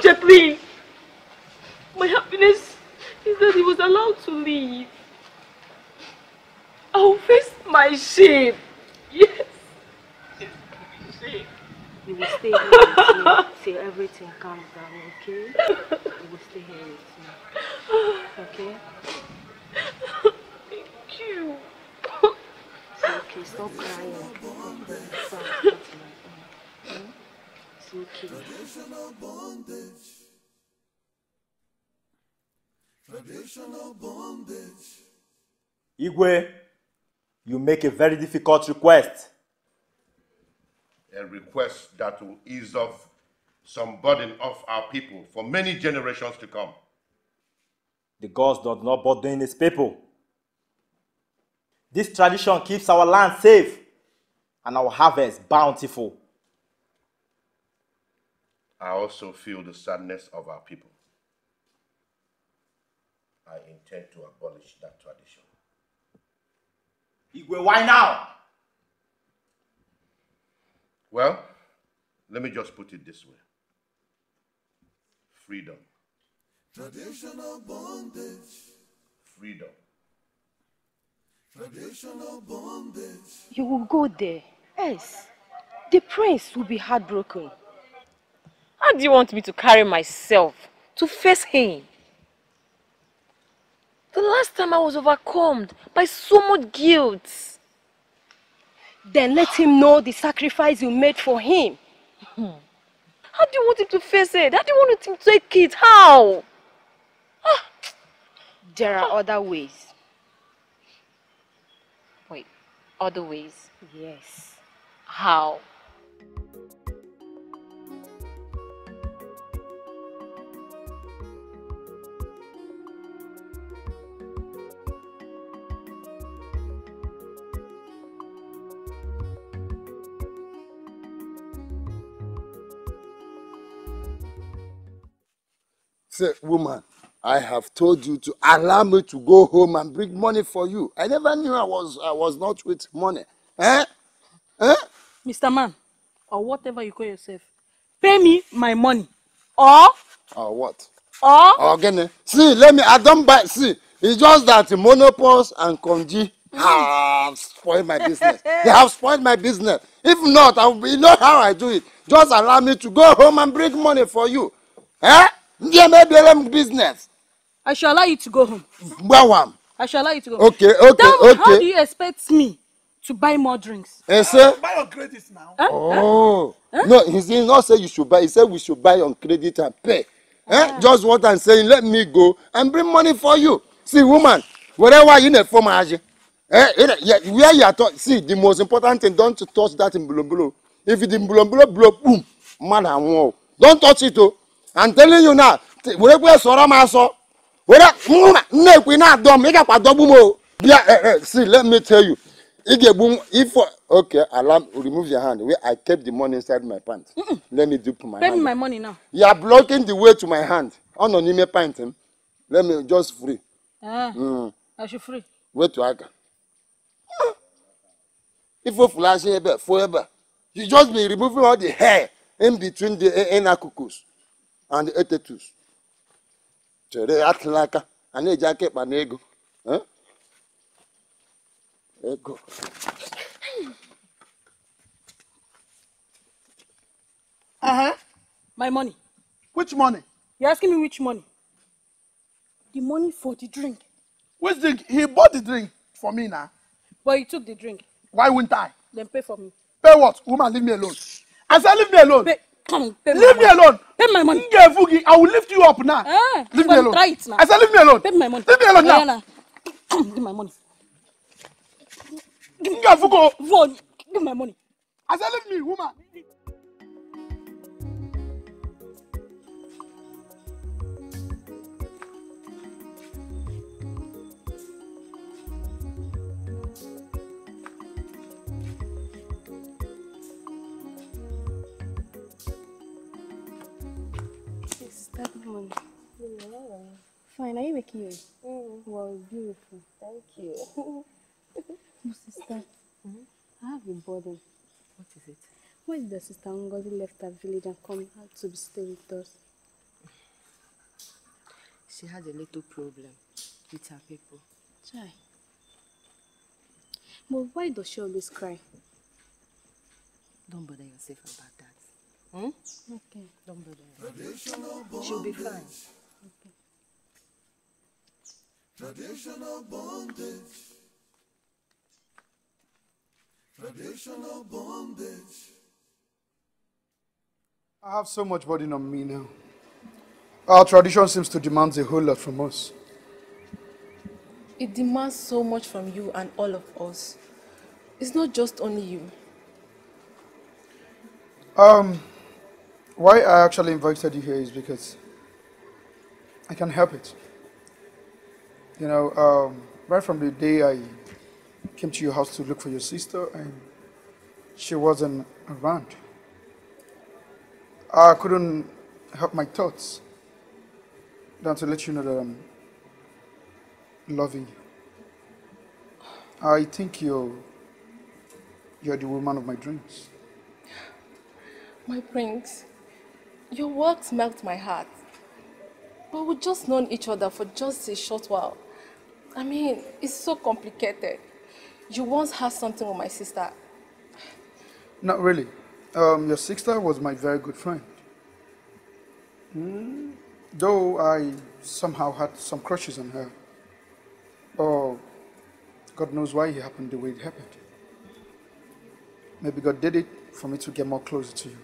at my happiness is that he was allowed to leave. I'll face my shame. Yes. You will stay here with till everything calms down, okay? You will stay here with me. Okay? Thank you. It's okay, stop crying. It's okay. It's okay. Igwe, you make a very difficult request. A request that will ease off some burden off our people for many generations to come. The gods do not burden his people. This tradition keeps our land safe and our harvest bountiful. I also feel the sadness of our people. I intend to abolish that tradition. Igwe, why now? Well, let me just put it this way. Freedom. Traditional bondage. Freedom. Traditional bondage. You will go there. Yes. The prince will be heartbroken. How do you want me to carry myself to face him? The last time I was overcome by so much guilt. Then let him know the sacrifice you made for him. Hmm. How do you want him to face it? How do you want him to take it? How? Ah. There are other ways. Wait, other ways? Yes. How? Say, woman, I have told you to allow me to go home and bring money for you. I never knew I was I was not with money. Eh? Eh? Mr. Man, or whatever you call yourself, pay me my money. Or or what? Or or again. See, let me I don't buy see. It's just that monopoles and congi mm. have spoiled my business. they have spoiled my business. If not, I will, you know how I do it. Just allow me to go home and bring money for you. Eh? ndị emebiere m business. I shall allow you to go home. Gbawam. I shall allow you to go home. Okay, okay, Tell okay. How do you expect me to buy more drinks? Eh, sir? Uh, buy on credit now. Huh? Oh. Huh? No, he did not say you should buy. He said we should buy on credit and pay. Eh? Ah. Just what I'm saying, let me go and bring money for you. See, woman, wherever you need for marriage. Eh, eh, where you are talking, see, the most important thing, don't touch that in Bulombulo. If it in Bulombulo, blow, boom, man, I'm wrong. Don't touch it, oh. I'm telling you now wèrè pé sọ̀rọ̀ máa sọ wèrè múnà nne ìpín náà dọ̀m ị gàkwa dọ̀gbù m o. bia see let me tell you ị ga-egbu if okay alarm remove your hand where I kept the money inside my pant let me dip my hand. me my money now. you are blocking the way to my hand ọ nọ n'ime pant m let me just free. Ah, mm. I should free. wetu aka if ofula ase ebe fo ebe you just be removing all the hair in between the in akukus and etetus chere atụla aka a na-eji aka ịkpa na ego ego Uh-huh. My money. Which money? You asking me which money? The money for the drink. Which drink? He bought the drink for me now. But he took the drink. Why wouldn't I? Then pay for me. Pay what? Woman, leave me alone. I said leave me alone. Pay come pay leave me alone. Pay my money. Nge Fugi, I will lift you up now. Eh, leave me alone. Try it now. I said leave me alone. Pay my money. Leave me alone now. Come, give my money. Nge Fugo. Give my money. I said leave me, woman. morning. Good Fine, are you waking up? Mm. Wow, beautiful. Thank you. My sister, mm-hmm. I have a bothered. What is it? Why did the sister Ngozi left her village and come out to stay with us? She had a little problem with her people. Chai. But why does she always cry? Don't bother yourself about that. Hmm? Okay. Don't bother. Traditional She'll be fine. Okay. Traditional bondage. Traditional bondage. I have so much burden on me now. Our tradition seems to demand a whole lot from us. It demands so much from you and all of us. It's not just only you. Um, why I actually invited you here is because I can help it. You know, um, right from the day I came to your house to look for your sister, and she wasn't around. I couldn't help my thoughts than to let you know that I'm loving you. I think you're you're the woman of my dreams. My prince, your words melt my heart. But we've just known each other for just a short while. I mean, it's so complicated. You once had something with my sister. Not really. Um, your sister was my very good friend. Mm, though I somehow had some crushes on her. Oh, God knows why it happened the way it happened. Maybe God did it for me to get more closer to you.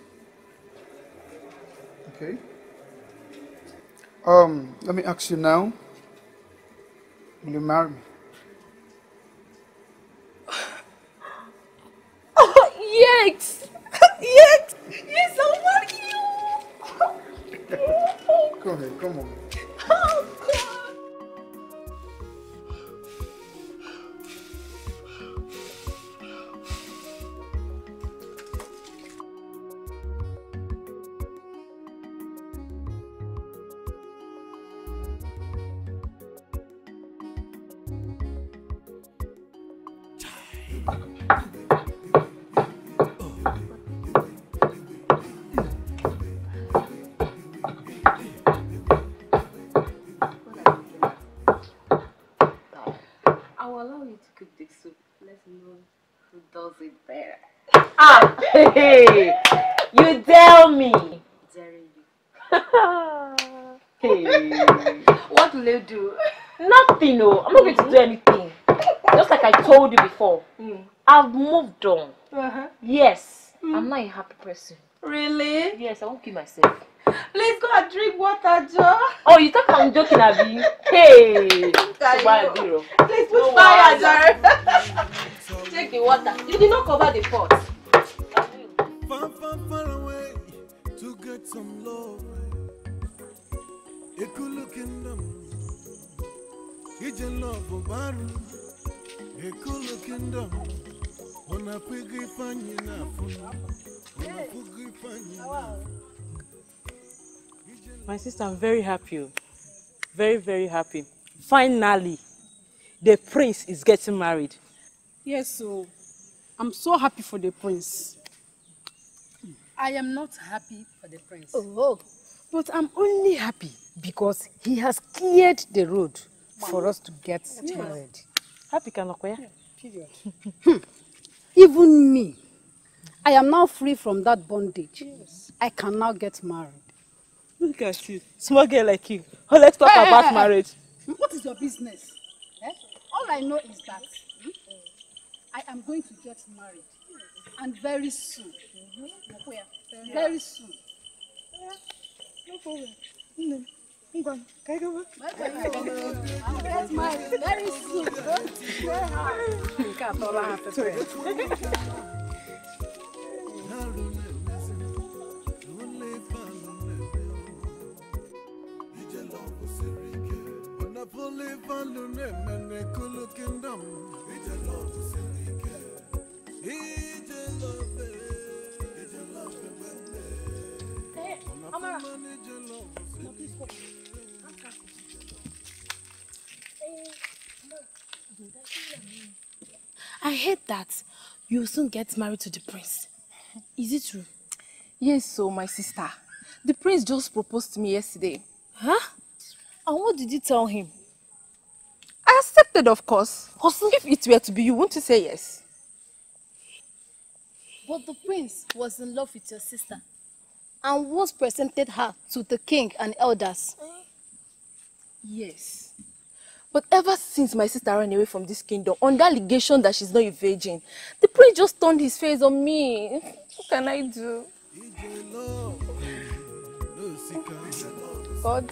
Okay. Um, let me ask you now. Will you marry me? Oh, yes! yes! Yes, I'll marry you! come here, come on. Oh, allow you to cook the soup. Let's know who does it better. Ah! Hey! You tell me! Jerry. hey. What will you do? Nothing, no. Oh. I'm not going to do mm-hmm. anything. Just like I told you before, mm. I've moved on. Uh -huh. Yes, mm. I'm not a happy person. Really? Yes, I won't kill myself. Please go and drink water, Joe. Oh, you thought I'm joking, Abby? Hey. Please put no fire, Joe. Take the water. You did not cover the pot. Far, far, far away to get some love. A good looking them. Kitchen love for baru. A good looking them. Wanna piggy funny enough. Wanna piggy funny enough. My sister, I'm very happy. Oh. Very, very happy. Finally, the prince is getting married. Yes, so I'm so happy for the prince. I am not happy for the prince. Oh, oh. but I'm only happy because he has cleared the road for us to get yes. married. Happy Kanokoya? Yeah, period. Hmm. Even me, I am now free from that bondage. Yes. I can now get married. Look at you. Small girl like you. Oh, let's talk hey, eh, eh, about hey, eh, marriage. What is your business? Eh? All I know is that hmm, I am going to get married. And very soon. Mm -hmm. Very soon. No problem. No. Mm-hmm. Ngwan, Very soon. and It's a love to say It's a love. It's a love I'm I heard that you'll soon get married to the prince. Is it true? Yes, so my sister. The prince just proposed to me yesterday. Huh? And what did you tell him? I accepted, of course. if it were to be you, wouldn't you say yes? But the prince was in love with your sister and was presented her to the king and elders. Yes. But ever since my sister ran away from this kingdom, on the allegation that she's not a virgin, the prince just turned his face on me. What can I do? God.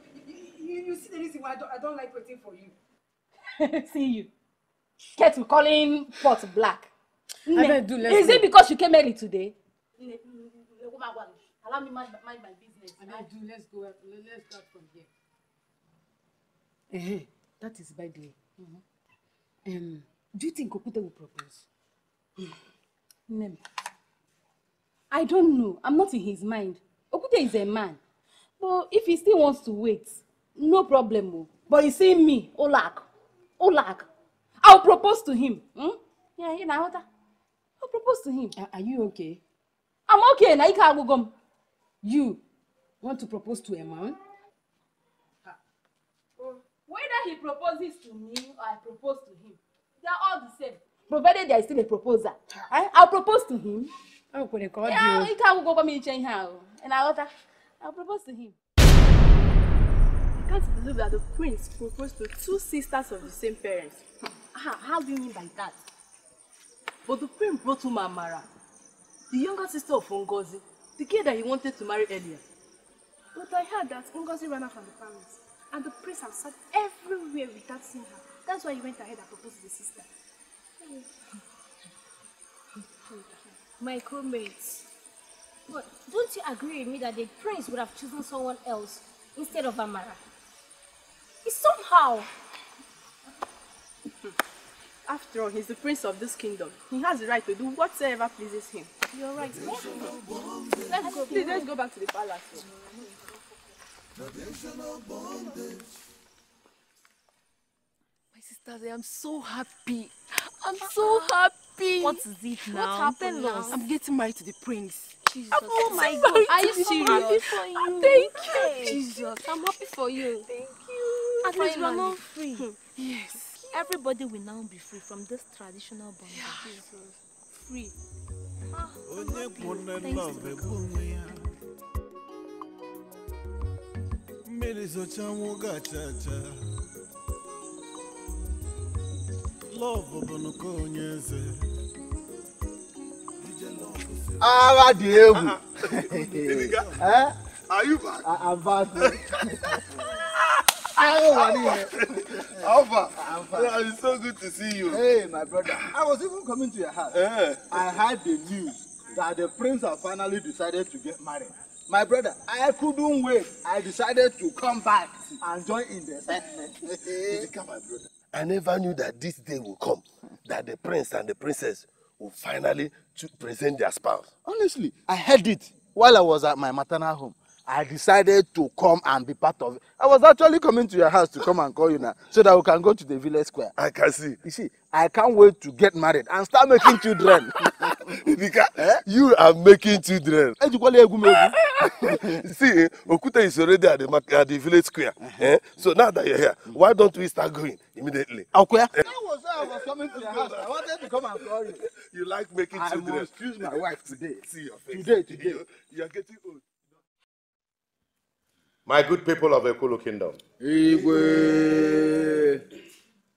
you, you see the reason why I don't, I don't like waiting for you. see you. Kettle calling pot black. Nne, do, is it because you came early today? allow me mind, my business. I do, let's go. Let's start from here. Uh-huh. is by the way. Mm-hmm. Um, do you think Okute will propose? Mm. I don't know. I'm not in his mind. Okute is a man. But if he still wants to wait, no problem oh. but you see me Olak. Olak. ụlọakụ i'll propose to him hmm? yeah, ị i i'll propose to him are you okay i'm okay na ike agwụgo you want to propose to a man oh, whether he proposes to me or i propose to him they are all the same provided there is still a proposal eh? i'll propose to him ike agwụgo m iche ihe ahụ ị na-aghọta i'll propose to him can't believe that the prince proposed to two sisters of the same parents. How, do you mean by that? But the prince brought home Amara, the younger sister of Ungosi, the girl that he wanted to marry earlier. But I heard that Ungosi ran out from the palace, and the prince has sat everywhere without seeing her. That's why he went ahead and proposed to the sister. My crewmates, but don't you agree with me that the prince would have chosen someone else instead of Amara? He's somehow. After all, he's the prince of this kingdom. He has the right to do whatever pleases him. You're right. Let's go. Please, let's go back to the palace. My sisters, I am so happy. I'm so happy. What is it now? What happened, I'm getting married to the prince. Jesus. Oh my God. Are you serious? I'm happy for you. Thank you. Jesus, I'm happy for you. Thank you. At least we are free. Hmm. Yes. Everybody will now be free from this traditional bondage. Yeah. Free. Ah, oh, Thanks to God. Love bụ nke eh? Are you back? I'm back. Alpha. Alpha. It's so good to see you. Hey, my brother. I was even coming to your house. Yeah. I had the news that the prince have finally decided to get married. My brother, I couldn't wait. I decided to come back and join in the excitement. Come, my brother. I never knew that this day will come, that the prince and the princess will finally to present their spouse. Honestly, I heard it while I was at my maternal home. I decided to come and be part of it. I was actually coming to your house to come and call you now so that we can go to the village square. I can see. You see, I can't wait to get married and start making children. Because eh? you are making children. Eh, see, eh, Okuta is already at the, at the village square. Uh -huh. eh? So now that you're here, why don't we start going immediately? Okay. Eh. That was why I was coming to your house. I wanted to come and call you. You like making I children. I must choose my wife today. See your face. Today, today. You, you are getting old. My good people of Ekulu Kingdom. Igwe.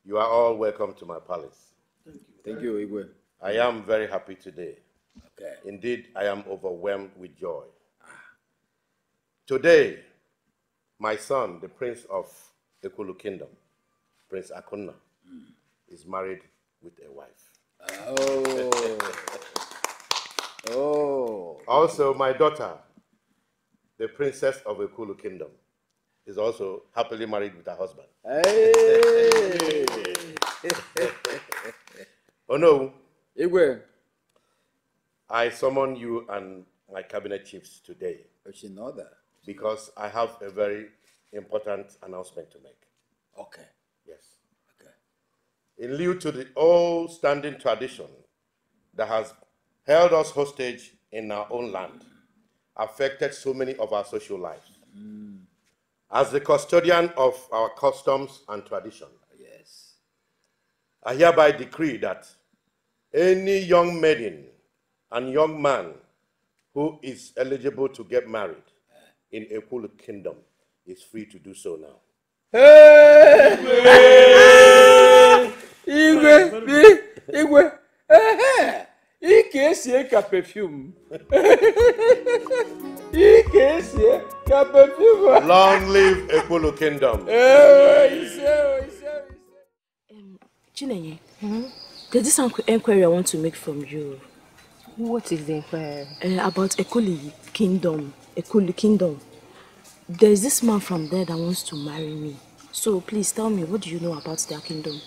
You are all welcome to my palace. Thank you. Thank you, Igwe. I am very happy today. Okay. Indeed, I am overwhelmed with joy. Today, my son, the prince of Ekulu Kingdom, Prince Akuna, mm. is married with a wife. Ah, oh. oh. Also, my daughter, the princess of Ekulu Kingdom, is also happily married with her husband. Hey. oh no. Igwe. I summon you and my cabinet chiefs today. You know that. Because I have a very important announcement to make. Okay. Yes. Okay. In lieu to the old standing tradition that has held us hostage in our own land affected so many of our social lives. Mm. As the custodian of our customs and tradition, yes. I hereby decree that any young maiden and young man who is eligible to get married in a full kingdom is free to do so now. Hey! ka esie ka perfume ị ka esie ka perfume. long live ekpolo kingdom. Eh, um, Chinenye, mm-hmm. there's this inquiry I want to make from you. What is the inquiry? Uh, about Ekoli Kingdom. Ekoli Kingdom. There's this man from there that wants to marry me. So please tell me, what do you know about their kingdom?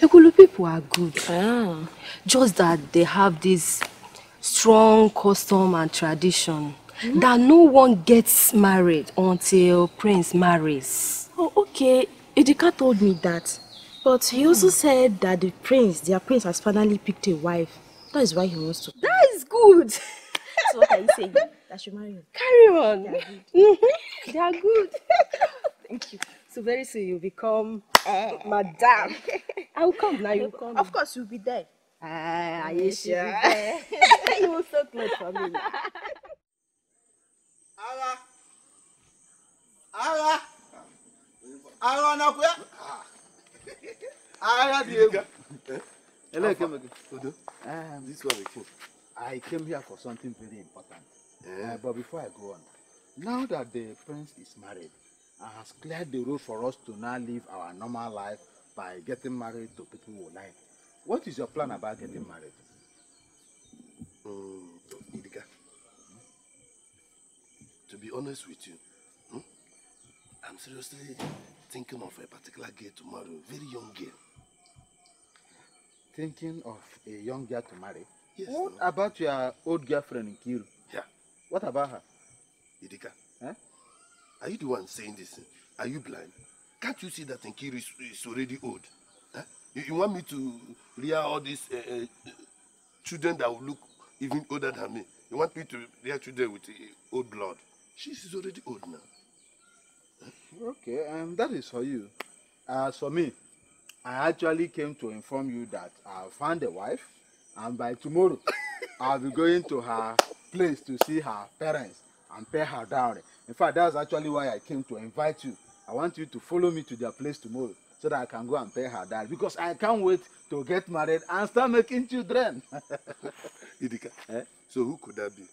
Ekulu people are good. Ah. Just that they have this strong custom and tradition mm. that no one gets married until prince marries. Oh, okay. Idika told me that. But he also mm. said that the prince, their prince has finally picked a wife. That is why he wants to. That is good. so what are you saying? I should marry him. Carry on. They are good. they are good. Thank you. So very soon you become uh, madam. I will come now. You will come. Of course, you'll be there. Uh, are you sure? you were so close for me. Ara. Ara. Ara na kuya. Ara di ego. Hello, Kemege. Odo. Um, this one came. I came here for something very important. Yeah. Uh, but before I go on, now that the prince is married and has cleared the road for us to now live our normal life by getting married to people we like, What is your plan about getting married? Mm, Idika, hmm? to be honest with you, hmm, I'm seriously thinking of a particular girl to marry, very young girl. Thinking of a young girl to marry? Yes. What no? about your old girlfriend in Kiru? Yeah. What about her? Idika, eh? are you the one saying this? Are you blind? Can't you see that Nkiru is, is already old? You, you want me to rear all these uh, uh, children that will look even older than me? You want me to rear children with uh, old blood? She is already old now. Okay, um, that is for you. As for me, I actually came to inform you that I found a wife, and by tomorrow, I'll be going to her place to see her parents and pay her dowry. In fact, that's actually why I came to invite you. I want you to follow me to their place tomorrow so that I can go and pay her dad because I can't wait to get married and start making children. Idika, eh? so who could that be?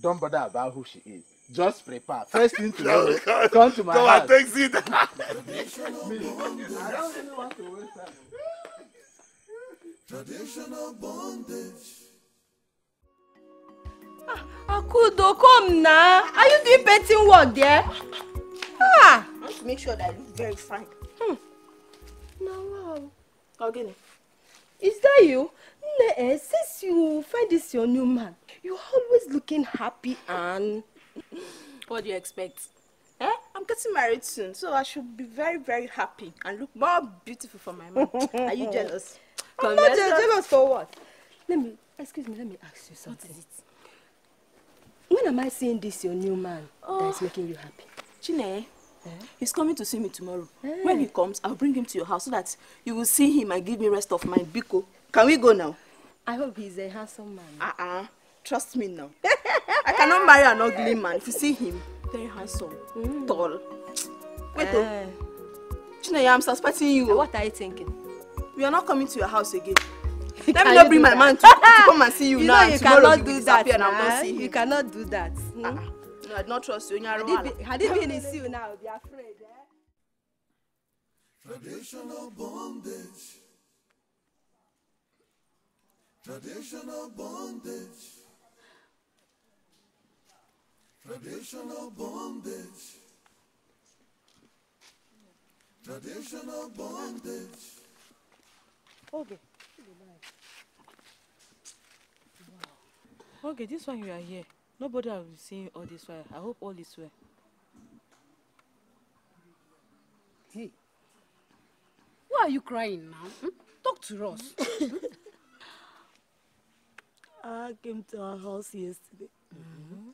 Don't bother about who she is. Just prepare. First thing to do, come, to my come house. Come and take it. Traditional bondage. Ah, Akudo, come now. Are you doing betting work there? Ah! I want to make sure that I look very fine. Hmm. Nawal. Ogini. Is that you? Nah, eh, since you find this your new man, you're always looking happy and... what do you expect? Eh? I'm getting married soon, so I should be very, very happy and look more beautiful for my man. Are you jealous? I'm not jealous, jealous for what? Let me, excuse me, let me ask you something. What is it? When am I seeing this your new man oh. that is making you happy? Chine, Eh? He's coming to see me tomorrow. Hey. Eh. When he comes, I'll bring him to your house so that you will see him and give me rest of mind. Biko, can we go now? I hope he's a handsome man. Uh-uh. Trust me now. I cannot marry an ugly man. If you see him, very handsome, mm. tall. Wait, uh. Oh. Eh. Chinaya, I'm suspecting you. What are you thinking? We are not coming to your house again. Let me not bring my that? man to, to come and see you, you now. Know you tomorrow cannot you do that. And I'll not see him. You cannot do that. Mm? Uh-uh. I do not trust you. Had, had it been his you now, be afraid. Eh? Traditional bondage. Traditional bondage. Traditional bondage. Traditional bondage. Okay. Okay, this one you are here. Nobody has seen all this while. I hope all is well. Hey, why are you crying now? Hmm? Talk to us. I came to our house yesterday. Mm-hmm.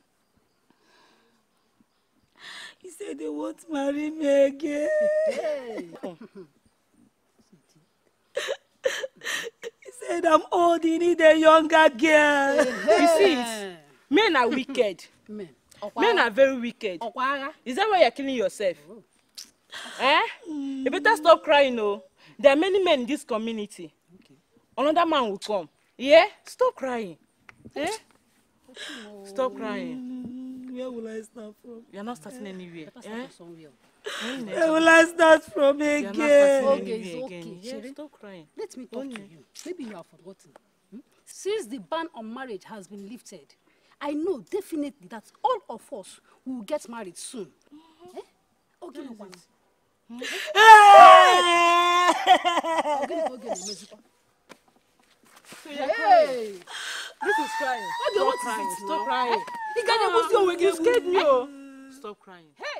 He said they won't marry me again. he said I'm old, he need a younger girl. Hey. You see it? men are wicked men men are very wicked is that why you're killing yourself eh you better stop crying o oh. there are many men in this community another man will come yeah stop crying eh stop crying mm, where will i start from are not starting eh? anywhere eh. Where will I start from again? are Okay, it's okay. Yeah, stop crying. Let me talk to you. Maybe you have forgotten. Hmm? Since the ban on marriage has been lifted, I know definitely that all of us will get married soon. Mm-hmm. Eh? Oh, give one. Hey! This is crying. Stop crying. He can't even see you. You scared me. Oh. Stop crying. Hey!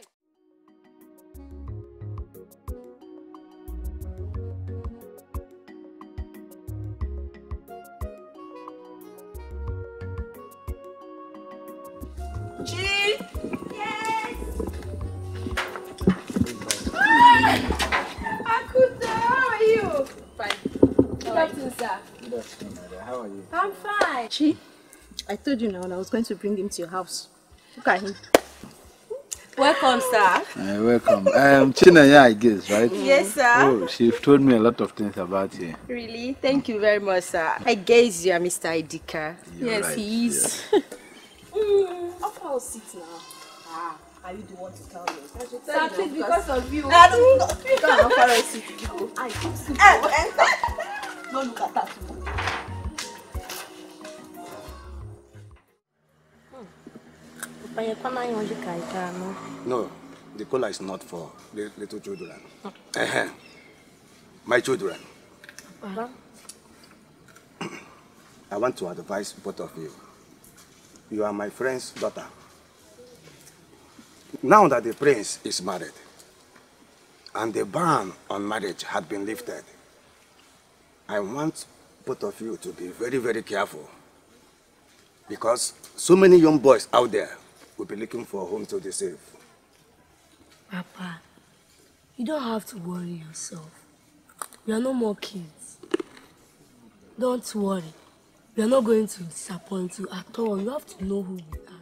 Good afternoon, sir. How are you? I'm fine. She, I told you now I was going to bring him to your house. Look at him. Welcome, sir. Uh, welcome. Um, Chinaya, I guess, right? Yes, sir. Oh, she's told me a lot of things about you. Really? Thank you very much, sir. I guess you are Mr. Idika. yes, right. he is. Yes. Mm, will how sit now? Ah, are you the one to tell me? Sir, please, because of you. I don't know. Go and offer a seat. I keep yóò lu kàtà sí mi. you can't yanjú kàìkà mọ́. No, the cola is not for little children. Oh. My children. Papa. I want to advise both of you. You are my friend's daughter. Now that the prince is married, and the ban on marriage had been lifted, I want both of you to be very, very careful because so many young boys out there will be looking for a home to be safe. Papa, you don't have to worry yourself. We are no more kids. Don't worry. We are not going to disappoint you at all. You have to know who we are.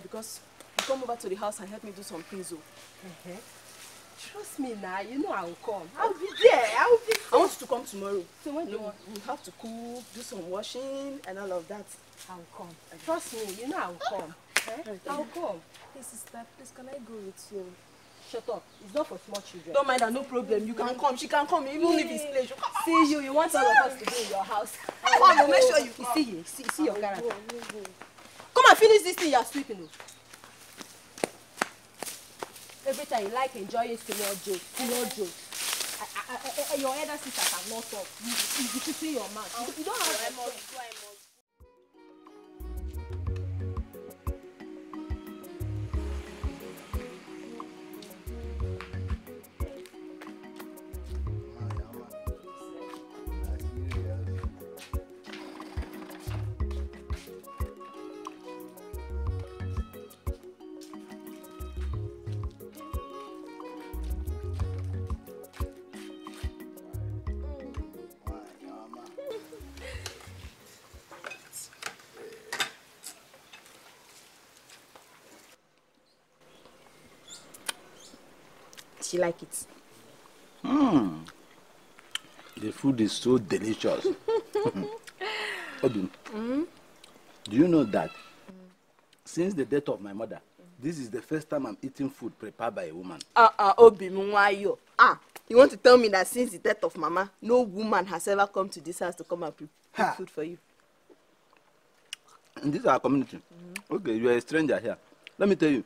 prepare because you come over to the house and help me do some things. Oh. Uh -huh. Trust me now, you know I will come. I will be there. I will be there. I want you to come tomorrow. So when you, mm. you have to cook, do some washing and all of that. I will come. Trust me, you know I will come. Eh? I will come. Hey sister, please can I go with you? Shut up. It's not for small children. Don't mind her, no problem. You can come. She can come. Even if it's pleasure. See you. You want all of us to be in your house. Come will make sure you, see, see, see your character. Come and finish this thing you are sweeping. Oh. Every time you like enjoying senior joke, senior joke. I, I, I, your elder sister cannot talk. You, you, you, you see your mouth. You, you don't have. she like it. Mm. The food is so delicious. Odun, mm? do you know that mm. since the death of my mother, mm. this is the first time I'm eating food prepared by a woman. Uh uh, Obi Muwayo. Ah, you want to tell me that since the death of Mama, no woman has ever come to this house to come and prepare food for you? In this our community, mm. okay, you are a stranger here. Let me tell you,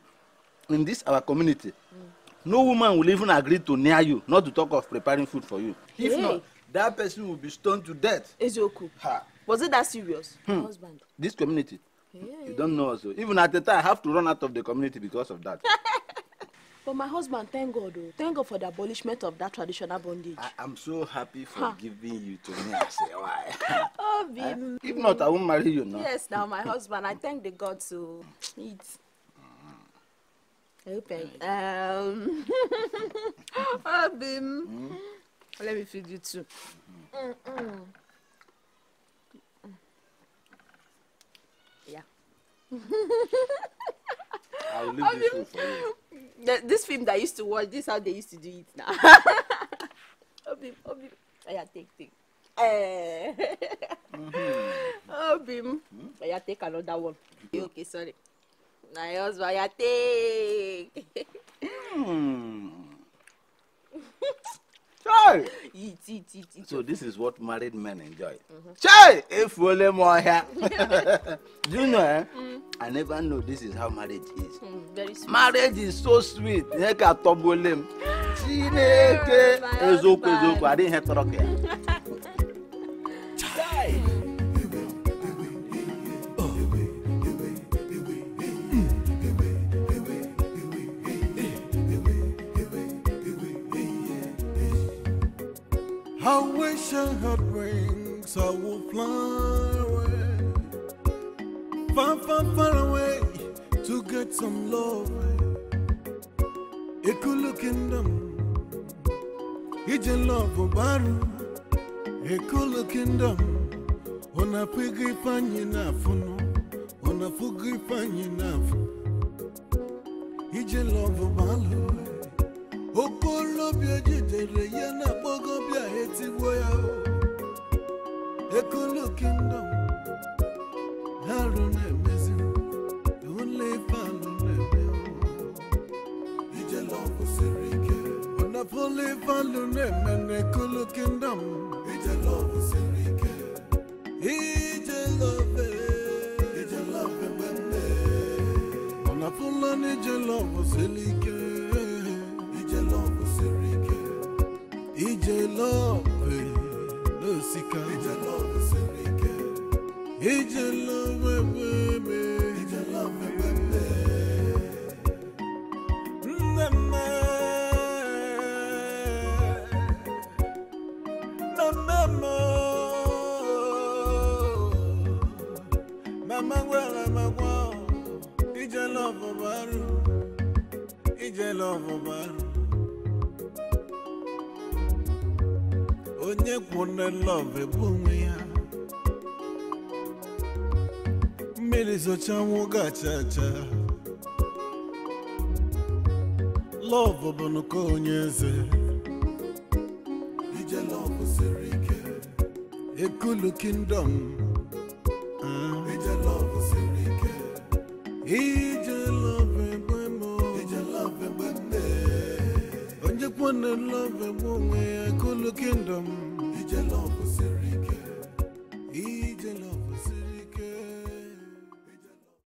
in this our community, mm no woman will even agree to near you not to talk of preparing food for you if hey. not that person will be stoned to death. ezeoku was it that serious. Hmm. husband. this community hey. you don't know also even at the time i have to run out of the community because of that. but my husband thank god o oh. thank god for the abolishment of that traditional bondage. i am so happy for huh. giving you to me i say why. oh, if not i won't marry you now. yes now my husband i thank the gods o. Oh. So. Okay. Um, ah, Abim, mm? let me feed you too. Mm -mm. Yeah. I'll leave this food for you. The, this film that I used to watch, this how they used to do it now. Oh Abim. Oh, oh, yeah, take, take. Eh. mm -hmm. Abim. Mm? Oh, yeah, take another one. Okay, sorry. na your husband ya take. mm. Chai! So this is what married men enjoy. Mm-hmm. Chai! here. moya. Junior, eh? mm. I never know this is how marriage is. Mm, very sweet. Marriage is so sweet. Eka tobolem. Chineke. Ezokwe I didn't hear rock here. ocean had wings, I will fly away. Far, far, far away to get some love. Ekulu kingdom, Ijin love baru. Ekulu kingdom, unapigi panyi nafuno, unafugi panyi nafu. Ijin love baru. Okolo bioji tere yana bogo etigbuo ya ekulu kingdom arụ na-emezi ole ife alụ na-eme na-eme na ekulu kingdom ijele ọgwụ siri ike ijele ofe ijele ofe Ijelo, no sika. Ijelo, senike. Ijelo, wewe, Ijelo, wewe. Nama, nama mo. Mama wala mama, Ijelo, babaru. love babaru. onye kwụne love bụ onwe ya mmiri zochanwụ gacha acha lọv bụ nke onye eze ije love siri ike ekulu kingdom ah. ije love siri ike ije lọv egbe mụ ije lọv egbe nne onye kwụne love egbe onwe ya the kingdom.